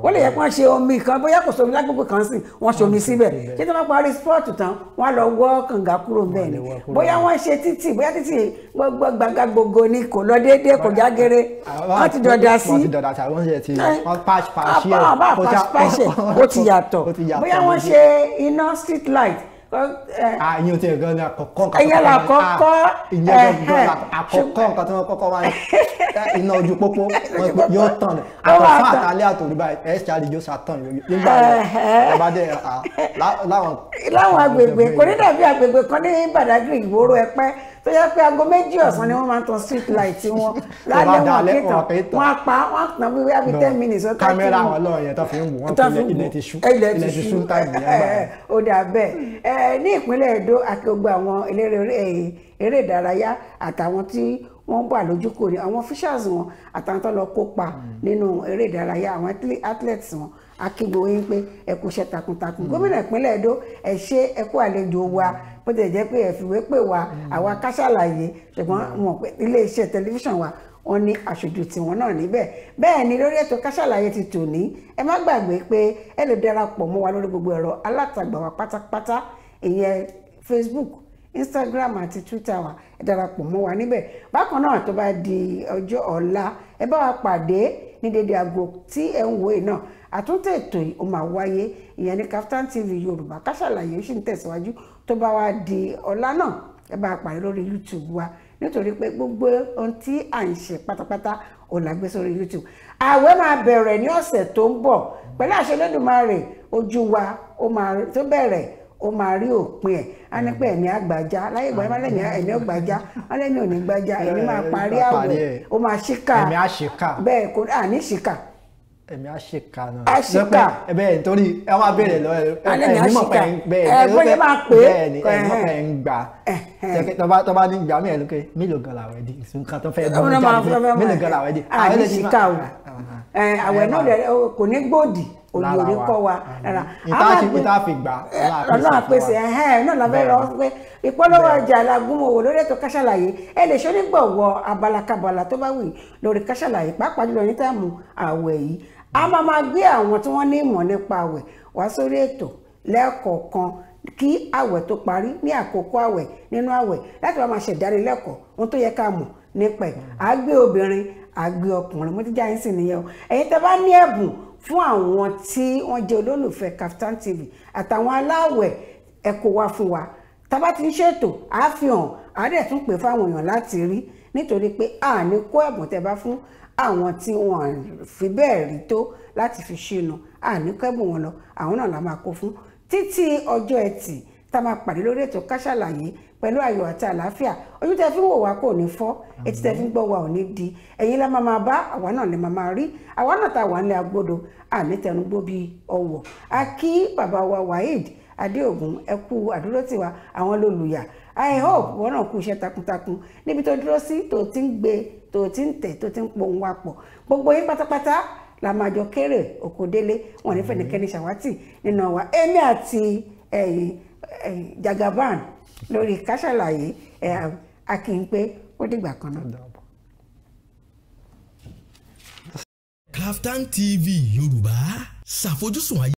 wọ́n lè yẹ kí wọ́n ṣe omi kan bóyá kò sómi lágbègbè kan sí wọ́n ṣe omi síbẹ̀ ṣé tí wọ́n parí spọ́ọ̀tù tán wọ́n lọ wọ́ kànga kúrò bẹ́ẹ̀ ni bóyá wọ́n ṣe títì bóyá títì gbàgbà gbogbo ni kò lọ déédéé kò já gere wọ́n ti dọ̀dà sí wọ́n ti dọ̀dà eh, pàṣẹ *laughs* ó ti yàtọ̀ bóyá wọ́n ṣe iná street light àyìn tí nǹkan ní àkọ́kọ́ nǹkan tó kọ́ àkọ́kọ́ ìyẹn gbọ́dọ̀ àkọ́kọ́ nǹkan tí wọ́n kọ́kọ́ wá ní iná ojú pópó yóò tàn ní àkọ́kọ́ àtàlẹ́ àtòrí báyìí ẹ̀ ṣáàlì yóò ṣàtàn nígbà yẹn bá dé láwọn. láwọn agbègbè kò ní dàbí agbègbè kan ní Badagry ìwòrò ẹ̀pẹ́ tó yẹ pé aago méjì ọ̀sán ni wọ́n máa ń tan street light wọn *laughs* lálẹ́ wọn àkétàn wọn apá wọn àtàn bí wíwá bí ten minutes ó tàbí wọn. kámẹ́rà wọn lọ́ọ̀ yẹn tó fi ń wò wọ́n pé ilẹ̀ ti ṣú ilẹ̀ ti ṣú táìmù yẹn báyìí. ó dà bẹ́ẹ̀ ní ìpínlẹ̀ Èdó akéwògbò àwọn eléré ìdárayá àtàwọn tí wọ́n wà lójúkò ní àwọn officials wọn àtàwọn tó lọ kópa hmm. nínú eré ìdárayá àwọn athletes wọn akígbo yín pé ẹ kú iṣẹ́ takuntakun gómìnà ìpínlẹ̀ Èdó ẹ ṣe ẹ kú àlejò wa bó ti jẹ́ pé ẹ fìwé pè wá àwa ká ṣàlàyé ṣùgbọ́n wọn pé iléeṣẹ́ tẹlifíṣàn wa wọn ní aṣojú tiwọn náà níbẹ̀ bẹ́ẹ̀ ni lórí ètò ká ṣàlàyé ti tòní ẹ má gbàgbé pé ẹ lè darapọ̀ mọ́ wa lórí gbogbo ẹ̀rọ alátagbà wa pátápátá ìyẹn Facebook Instagram àti Twitter wa ẹ darapọ̀ mọ́ wa níbẹ̀ bákan náà tó bá di ọjọ́ ọ̀la ẹ bá wa pàdé ní dédé aago tí ẹ ń wòye náà àtúntò ètò yìí ó máa wáyé ìyẹn ní Kaftan TV Yorùbá Ká Sálàyé ó sì ń tẹ̀síwájú tó bá wá di ọ̀la náà ẹ bá pàdé lórí YouTube wa nítorí pé gbogbo ohun tí à ń ṣe pátápátá ò lágbé sórí YouTube ààwẹ̀ máa bẹ̀rẹ̀ ní ọ̀sẹ̀ tó ń bọ̀ pẹ̀lú àṣẹ Olódùmarè ojú wa tó bẹ̀rẹ̀ ó máa rí òpin ẹ̀ á ní pé ẹ̀mí àgbàjá láyé ìgbà yẹn lẹ́mí ẹ̀mí ọ̀gbàjá wọ́n lẹ́mí òní ẹ̀mí máa parí àwẹ̀ ó máa ṣíkà ẹ̀mí àṣìkà bẹ́ẹ̀ kò ní àní ṣìkà ẹ̀mí àṣekà náà. àṣekà bẹ́ẹ̀ nítorí ẹ wá béèrè lọ́wọ́ ẹ̀mí mọ̀ pé ń bẹ́ẹ̀ ẹ̀ bóyá máa pè ni ẹ̀mí mọ̀ pé ń gbà tọ́ba tọ́ba ní gbà mí ẹ̀ lókè mélòó gan làwẹ̀ di nǹkan tó fẹ́ gbọ́n jáde mélòó gan làwẹ̀ di. àṣekà o àwẹ̀ náà kò ní gbòdì olórí kọ́ wa rárá. ìta fi gbà ọlọ́run àpèsè ẹ̀hẹ́n náà lábẹ́ lọ pé ìpolówó ọjà alágúnmọ̀wò lórí ètò Ká ẹ lè ṣonígbọ̀wọ́ abalakabala tó bá wù lórí Ká pàápàá jùlọ ní táàmù àwẹ̀ yìí a máa máa gbé àwọn tí wọ́n ní ìmọ̀ nípa àwẹ̀ wá sórí ètò lẹ́ẹ̀kọ̀ọ̀kan kí àwẹ̀ tó parí ní àkókò àwẹ̀ nínú àwẹ̀ láti máa ṣe ìdánilẹ́kọ̀ọ́ ohun tó yẹ ká mọ̀ nípa ẹ̀ á gbé obìnrin á gbé ọkùnrin mo ti já yín sí nìyẹn o ẹ̀yin tẹ́ bá ní ẹ̀bùn fún àwọn tí wọ́n jẹ́ olólùfẹ́ Kaftan TV àtàwọn aláwẹ̀ ẹ kó wá fún wa tá bá ti ń ṣètò á fi hàn á dẹ̀ pè fáwọn èèyàn láti rí nítorí pé a ní kó ẹ̀bùn tẹ́ bá fún àwọn tí wọ́n fi bẹ́ẹ̀ rí tó láti fi ṣìnà àníkẹ́bùn wọn lọ àwọn náà la máa kó fún títí ọjọ́ ẹtì tá a máa pàdé lórí ètò Ká Sálàyé pẹ̀lú ayọ̀ àti àlàáfíà ojú tẹ fi ń wò wá kò ní fọ́ etí tẹ fi ń gbọ́ wa ò ní di ẹ̀yin la máa máa bá àwa náà lè máa máa rí àwa náà ta wà ní agbódo àní tẹnugbó bíi ọwọ́ a kí bàbá wa Waheed Adéògùn ẹ kú àdúró tiwa àwọn lólùyà I hope wọn náà kú iṣẹ́ takuntakun níbi tó dúró sí tó ti ń gbé tó ti ń tẹ̀ tó ti ń pohùn wa pọ̀ gbogbo yín pátápátá la máa jọ kéré oko délé wọn ní mm-hmm. fẹnikẹ́ni ṣàwátì nínú wa èmi àti Jagaban lórí Ká Sálàyé akínpé ó dìgbà kan náà. Kaftan TV Yorùbá ṣàfojúsùn ayé.